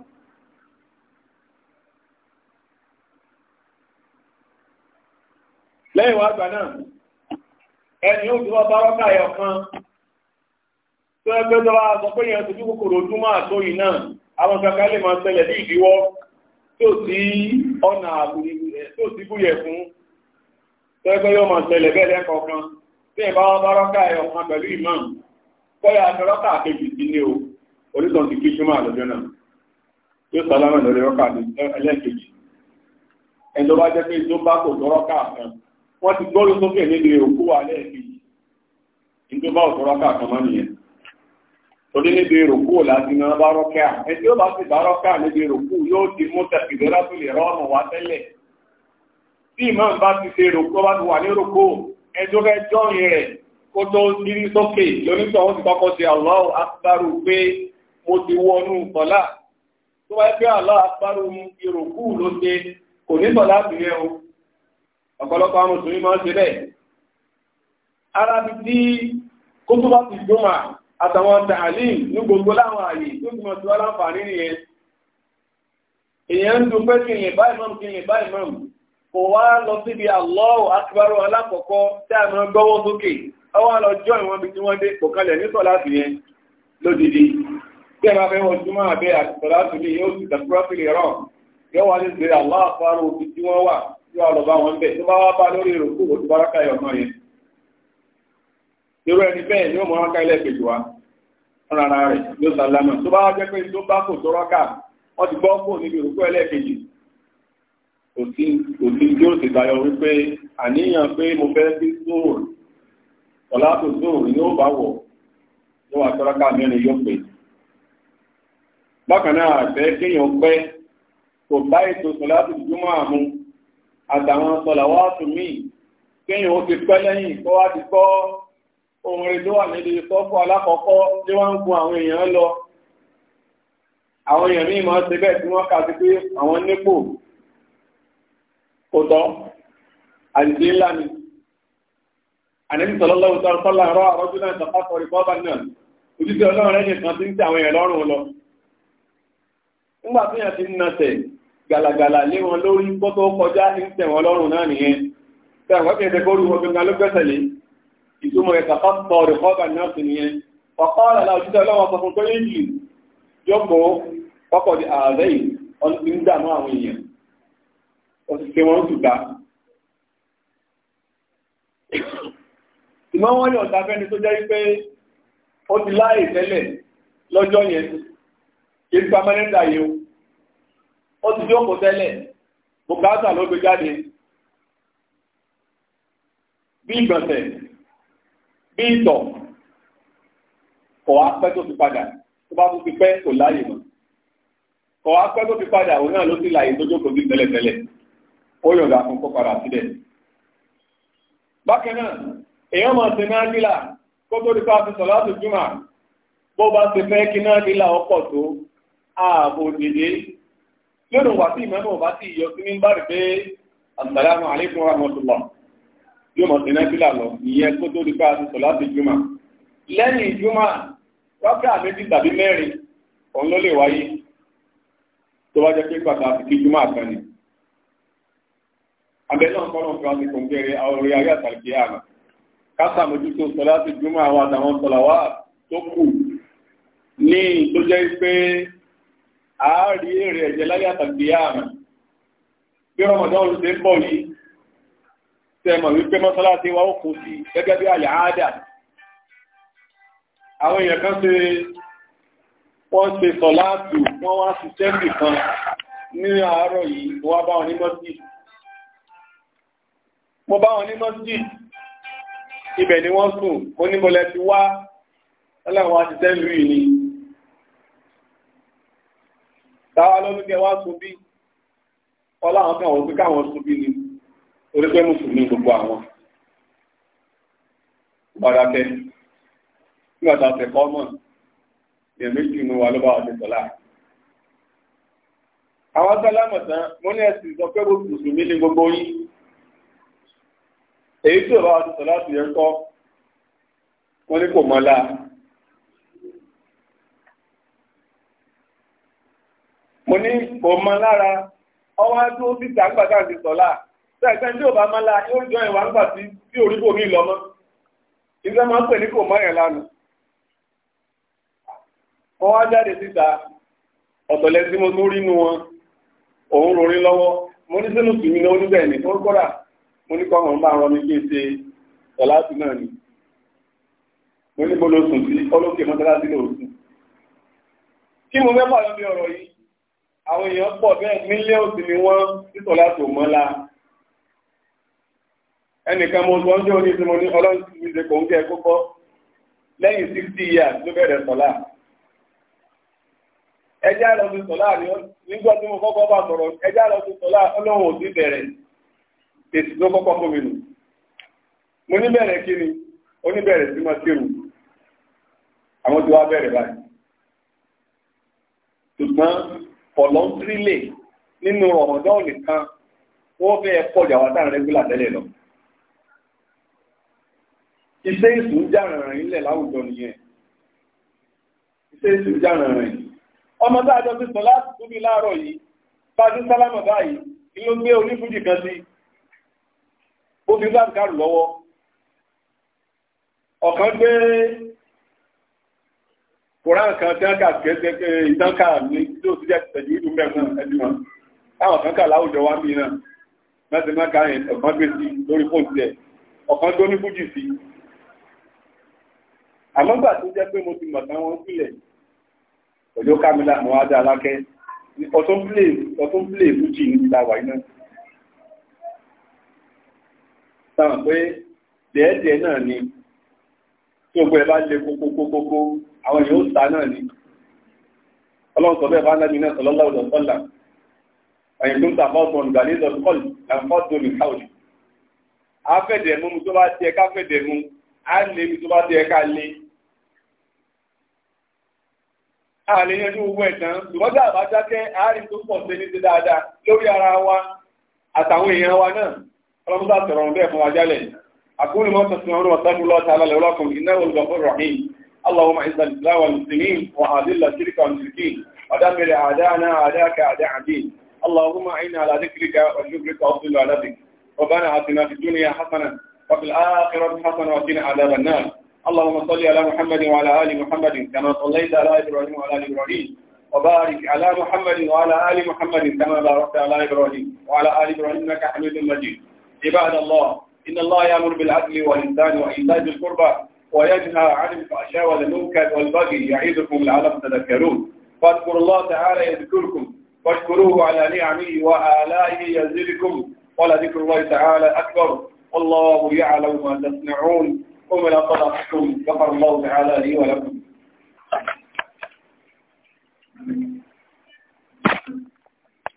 lẹ́yìn wá gbà náà ẹni ó ti wá bá rọ́kà ẹ̀yọ̀ kan tó ẹgbẹ́ tó wá sọ pé yẹn sojú kòkòrò ọdún máa tó yìí náà àwọn kankan lè máa ṣẹlẹ̀ ní ìdíwọ́ tó sí ọ̀nà tó sí búyẹ̀ fún tó ẹgbẹ́ yóò máa ṣẹlẹ̀ bẹ́ẹ̀ lẹ́kọ̀ọ̀kan tí ìbá ni o onítàn ti kí súnmọ́ àlọ́jọ́ náà yóò sálámà lórí rọ́kà ẹlẹ́kejì ẹni tó bá jẹ́ pé tó bá kò tó kan mọ́ nìyẹn torí níbi ìrùkú láti náà bá rọ́kẹ́ à ẹtí ó bá sì bá rọ́kẹ́ à níbi ìrùkú yóò ti mú tẹ̀síbẹ́rẹ́ tó lè rọ́ọ̀nù wá tẹ́lẹ̀ tí ìmáàmù bá ti ṣe ìrùkú bá ti wà ní ìrùkú ẹjọ́ fẹ́ jọ́rin rẹ̀ kó tó dírí sókè lónítọ̀ wọn ti kọ́kọ́ ṣe Allahu akbaru pé mo ti wọnú tọ́lá tó wáyé pé Allahu akbaru ìrùkú ló ṣe kò ní tọ́lá bìrẹ́ o ọ̀pọ̀lọpọ̀ àwọn mùsùlùmí máa ń ṣe bẹ́ẹ̀ àtàwọn tààlìm ní gbogbo láwọn àyè tó ti mọ̀ sí wá láǹfààní nìyẹn èèyàn ń dùn pé kí lè bá ìmọ̀mù kí lè bá ìmọ̀mù kò wá lọ síbi Allahu akbar alákọ̀ọ́kọ́ tí a máa gbọ́wọ́ sókè ọwọ́ lọ jọ ìwọ̀n bí tí wọ́n dé kalẹ̀ ní yẹn lódìdí tí máa fẹ́ wọ́n abẹ́ ní yóò sì lè rọ̀ irú ẹni bẹ́ẹ̀ ni ó mọ̀ ọ́ká ilẹ̀ kejì wa rárá rẹ̀ ló sàlámà tó bá jẹ́ pé tó bá kò tó rọ́kà wọ́n ti gbọ́ kò níbi òrùkú ẹlẹ́ẹ̀kejì kò sí tí ó sì tayọ wípé àníyàn pé mo fẹ́ sí zoro ọ̀lá tó zoro ni ó bá wọ̀ ló wà tó rọ́kà mẹ́rin yóò pè bákan náà àfẹ́ kéèyàn pẹ́ kò bá ètò sọ̀lá tó jùmọ̀ àmú àtàwọn sọ̀làwọ́ àtúnmí kéèyàn ó ti pẹ́ lẹ́yìn kó wá ti kọ́ ohun èlò wà níbi ìsọ́fù alákọ̀ọ́kọ́ tí wọ́n ń gun àwọn èèyàn lọ àwọn èèyàn ní ìmọ̀ ṣe bẹ́ẹ̀ tí wọ́n kà sí pé àwọn nípò kò tọ́ àdìsí ńlá ni àdìsí sọlọ́lọ́wọ́ rọ àrọ́jú náà tọ́ka náà ojúṣe ọlọ́run ti ń tẹ àwọn èèyàn lọ́rùn lọ nígbà tí ti ń gàlàgàlà lé wọn lórí kó tó kọjá ń tẹ̀ lọ́rùn náà nìyẹn tẹ̀ wọ́n wọn gbẹngàn ló ìtumọ̀ ẹ̀ka pápọ̀ rẹ̀ kọ́bà náà sì nìyẹn ọ̀pá àlàlà òjútà ọlọ́wọ́ sọ fún pẹ́lú ìjì jókòó ọkọ̀ di ààrẹ yìí ọdún ti ń dààmú àwọn èèyàn ó sì ṣe wọn tùgbà ìmọ̀ wọn ní bí ìgbọ̀nsẹ̀ bí ìtọ̀ kọ̀ wá pẹ́ tó fi padà tó bá tún fi pẹ́ kò láàyè mọ́ kọ̀ wá pẹ́ tó fi padà òun náà ló sì láàyè tó jókòó sí tẹ́lẹ̀tẹ́lẹ̀ ó yọ̀gà fún kó padà sílẹ̀. bákan náà èèyàn máa ṣe náà nílà kó tó di fáfi sọ̀ láti júmọ̀ bó bá ṣe fẹ́ kí náà nílà ọkọ̀ tó ààbò dìde lónìí wà sí ìmọ̀ náà bá sì yọ sí ní bá rí pé assalamu alaikum warahmatullah yóò mọ̀ sí nẹ́fílà lọ ìyẹn kó tó di pé a ti sọ láti júmọ̀ lẹ́yìn júmọ̀ rákà méjì tàbí mẹ́rin òun ló lè wáyé tó bá jẹ́ pé pàtàkì kí júmọ̀ àkàn ni. abẹ náà kọ́ náà fúra sí kòǹgẹ́rẹ́ orí ayé àtàlùkì àmà kásà mójútó sọ láti júmọ̀ àwọn àtàwọn sọlá wà tó kù ní tó jẹ́ pé a rí èrè ẹ̀jẹ̀ láyé àtàlùkì àmà bí ọmọdé ọ̀rùn ṣe ń bọ̀ yìí sẹ́mọ̀ wípé mọ́sálásí wa ó kò sí gẹ́gẹ́ bí àyà áádà àwọn èèyàn kan ṣe wọ́n ṣe sọ̀láàtù wọ́n wá sí sẹ́mì kan ní àárọ̀ yìí wá bá wọn ní mọ́sí mo bá wọn ní mọ́sí ibẹ̀ ni wọ́n sùn mo ní mọ́lẹ̀ ti wá ọlọ́run wá sí sẹ́mì yìí ni táwa lọ́dún kẹ wá sùn bí ọlọ́run kan wọ́n pé káwọn sùn bí ni torí pé mùsùlùmí gbogbo àwọn gbadakẹ́ nígbà tá a tẹ̀ kọ́ mọ̀ èèyàn méjì inú wa ló bá wà ní sọ́lá. àwọn sálámù tán mo ní ẹ̀sìn sọ pé mùsùlùmí ni gbogbo yín èyí tí ò bá wà ní sọ́lá tó yẹ kọ́ wọ́n ní kò mọ́ mo ní kò mọ́ lára ọwọ́ adúró síta gbàgbà ti sọ́lá sẹ́ẹ̀kẹ́ ní ọba máa la yóò jọ ìwà ńgbà tí tí orí kò ní ìlọ́mọ́ ìfẹ́ máa ń pè ní kò mọ́ yẹn lánàá. wọ́n wá jáde síta ọ̀tọ̀lẹ́ tí mo tún rí nu wọn òun rorin lọ́wọ́ mo ní sínú tùmí náà oníbẹ̀ ní tó kọ́ra mo ní kọ́hún máa rọ mi kí n ṣe ọ̀làtì náà ni mo ní bolo sùn sí ọlọ́kẹ́ mọ́tàlásí ló sùn. kí mo fẹ́ pàdánù ọ̀rọ̀ yìí àwọn èèyàn pọ̀ bẹ́ẹ̀ mílíọ̀nù ni wọ́n títọ̀ láti òmọ́lá ẹnìkan mo sọ ń jẹ́ oníṣẹ́ mo ní ọlọ́run ti kò ń kẹ́ kókó lẹ́yìn sixty years ló bẹ̀rẹ̀ sọ̀lá ẹjá lọ sí sọ̀lá nígbà tí mo kọ́kọ́ bá sọ̀rọ̀ ẹjá lọ sí sọ̀lá ọlọ́run ò sí bẹ̀rẹ̀ èsì tó kọ́kọ́ fún mi nù mo ní bẹ̀rẹ̀ kí ni oníbẹ̀rẹ̀ sí mọ́ sírù àwọn tí wàá bẹ̀rẹ̀ báyìí ṣùgbọ́n pọ̀lọ́ntìrìlẹ̀ nínú ọ̀mọ̀dọ́ nìkan wọ́n fẹ́ kọjá wa táwọn rẹ́gbẹ́là tẹ́lẹ̀ lọ iṣẹ́ èsù ń jàrànràn ilẹ̀ láwùjọ nìyẹn iṣẹ́ èsù ń jàrànràn yìí ọmọ tá a jọ ti sọ láti túbí láàárọ̀ yìí bájú sálámà báyìí ni ló gbé onífújì kan sí ó fi bá kárù lọ́wọ́ ọ̀kan gbé koran kan tí wọ́n kà kẹ́kẹ́ ìtànkà ní tí ó ti jẹ́ tẹ̀jú ìlú mẹ́rin náà ẹni wọn táwọn kan kà láwùjọ wa mí náà mẹ́sìn náà kà ọ̀kan gbé sí lórí fóònù tiẹ̀ ọ̀kan gbé onífújì sí i àmọ́ gbà tó jẹ́ pé mo ti mọ̀ táwọn sílẹ̀ pẹ̀lú kámílà mọ́ adá alákẹ́ ọtún plé fújì ní ìta wà iná sáwọn pé dẹ́ẹ̀dẹ́ náà ni tí ó gbẹ̀rẹ̀ bá lè kókókókó àwọn yóò sá náà ni ọlọ́run sọ bẹ́ẹ̀ bá náà nínú sallallahu alaihi wasallam ẹ̀yìn tó ń ta fọ́ọ̀tù ọ̀nà ìgbàlẹ́ ìdọ̀tún kọ́lù and fọ́ọ̀tù omi káwọ̀lì afẹ́dẹ̀mú tó bá tiẹ̀ káfẹ́dẹ̀mú á lé mi tó bá tiẹ̀ ká lé àlè yanjú owó ẹ̀tàn ìwọ́jà àbájákẹ́ àárín tó pọ̀ sí ní ti dáadáa lórí ara wa àtàwọn èèyàn wa náà ọlọ́mọdé àtọ̀rọ̀ ọ̀dẹ́ fún wa jálẹ̀ àkúrò mọ́ tẹ̀sán ọ̀rọ̀ ọ̀sẹ́gun lọ́ta alálẹ̀ ọlọ́kùn iná olùgbọ̀n rahim اللهم اعز الاسلام والمسلمين واذل الشرك والمشركين على ذكرك وشكرك وحسن عبادتك ربنا اتنا في الدنيا حسنه وفي الاخره حسنه وقنا عذاب اللهم صل على محمد وعلى آل محمد كما صليت على إبراهيم وعلى آل إبراهيم وبارك على محمد وعلى آل محمد كما باركت على إبراهيم وعلى آل إبراهيم إنك حميد مجيد عباد الله إن الله يأمر بالعدل والإنسان وإيتاء ذي القربى وينهى عن الفحشاء والمنكر والبغي يعظكم لعلكم تذكرون فاذكروا الله تعالى يذكركم واشكروه على نعمه وآلائه يزدكم ولذكر الله تعالى أكبر والله يعلم ما تصنعون قوموا لا صلاتكم غفر الله تعالى لي ولكم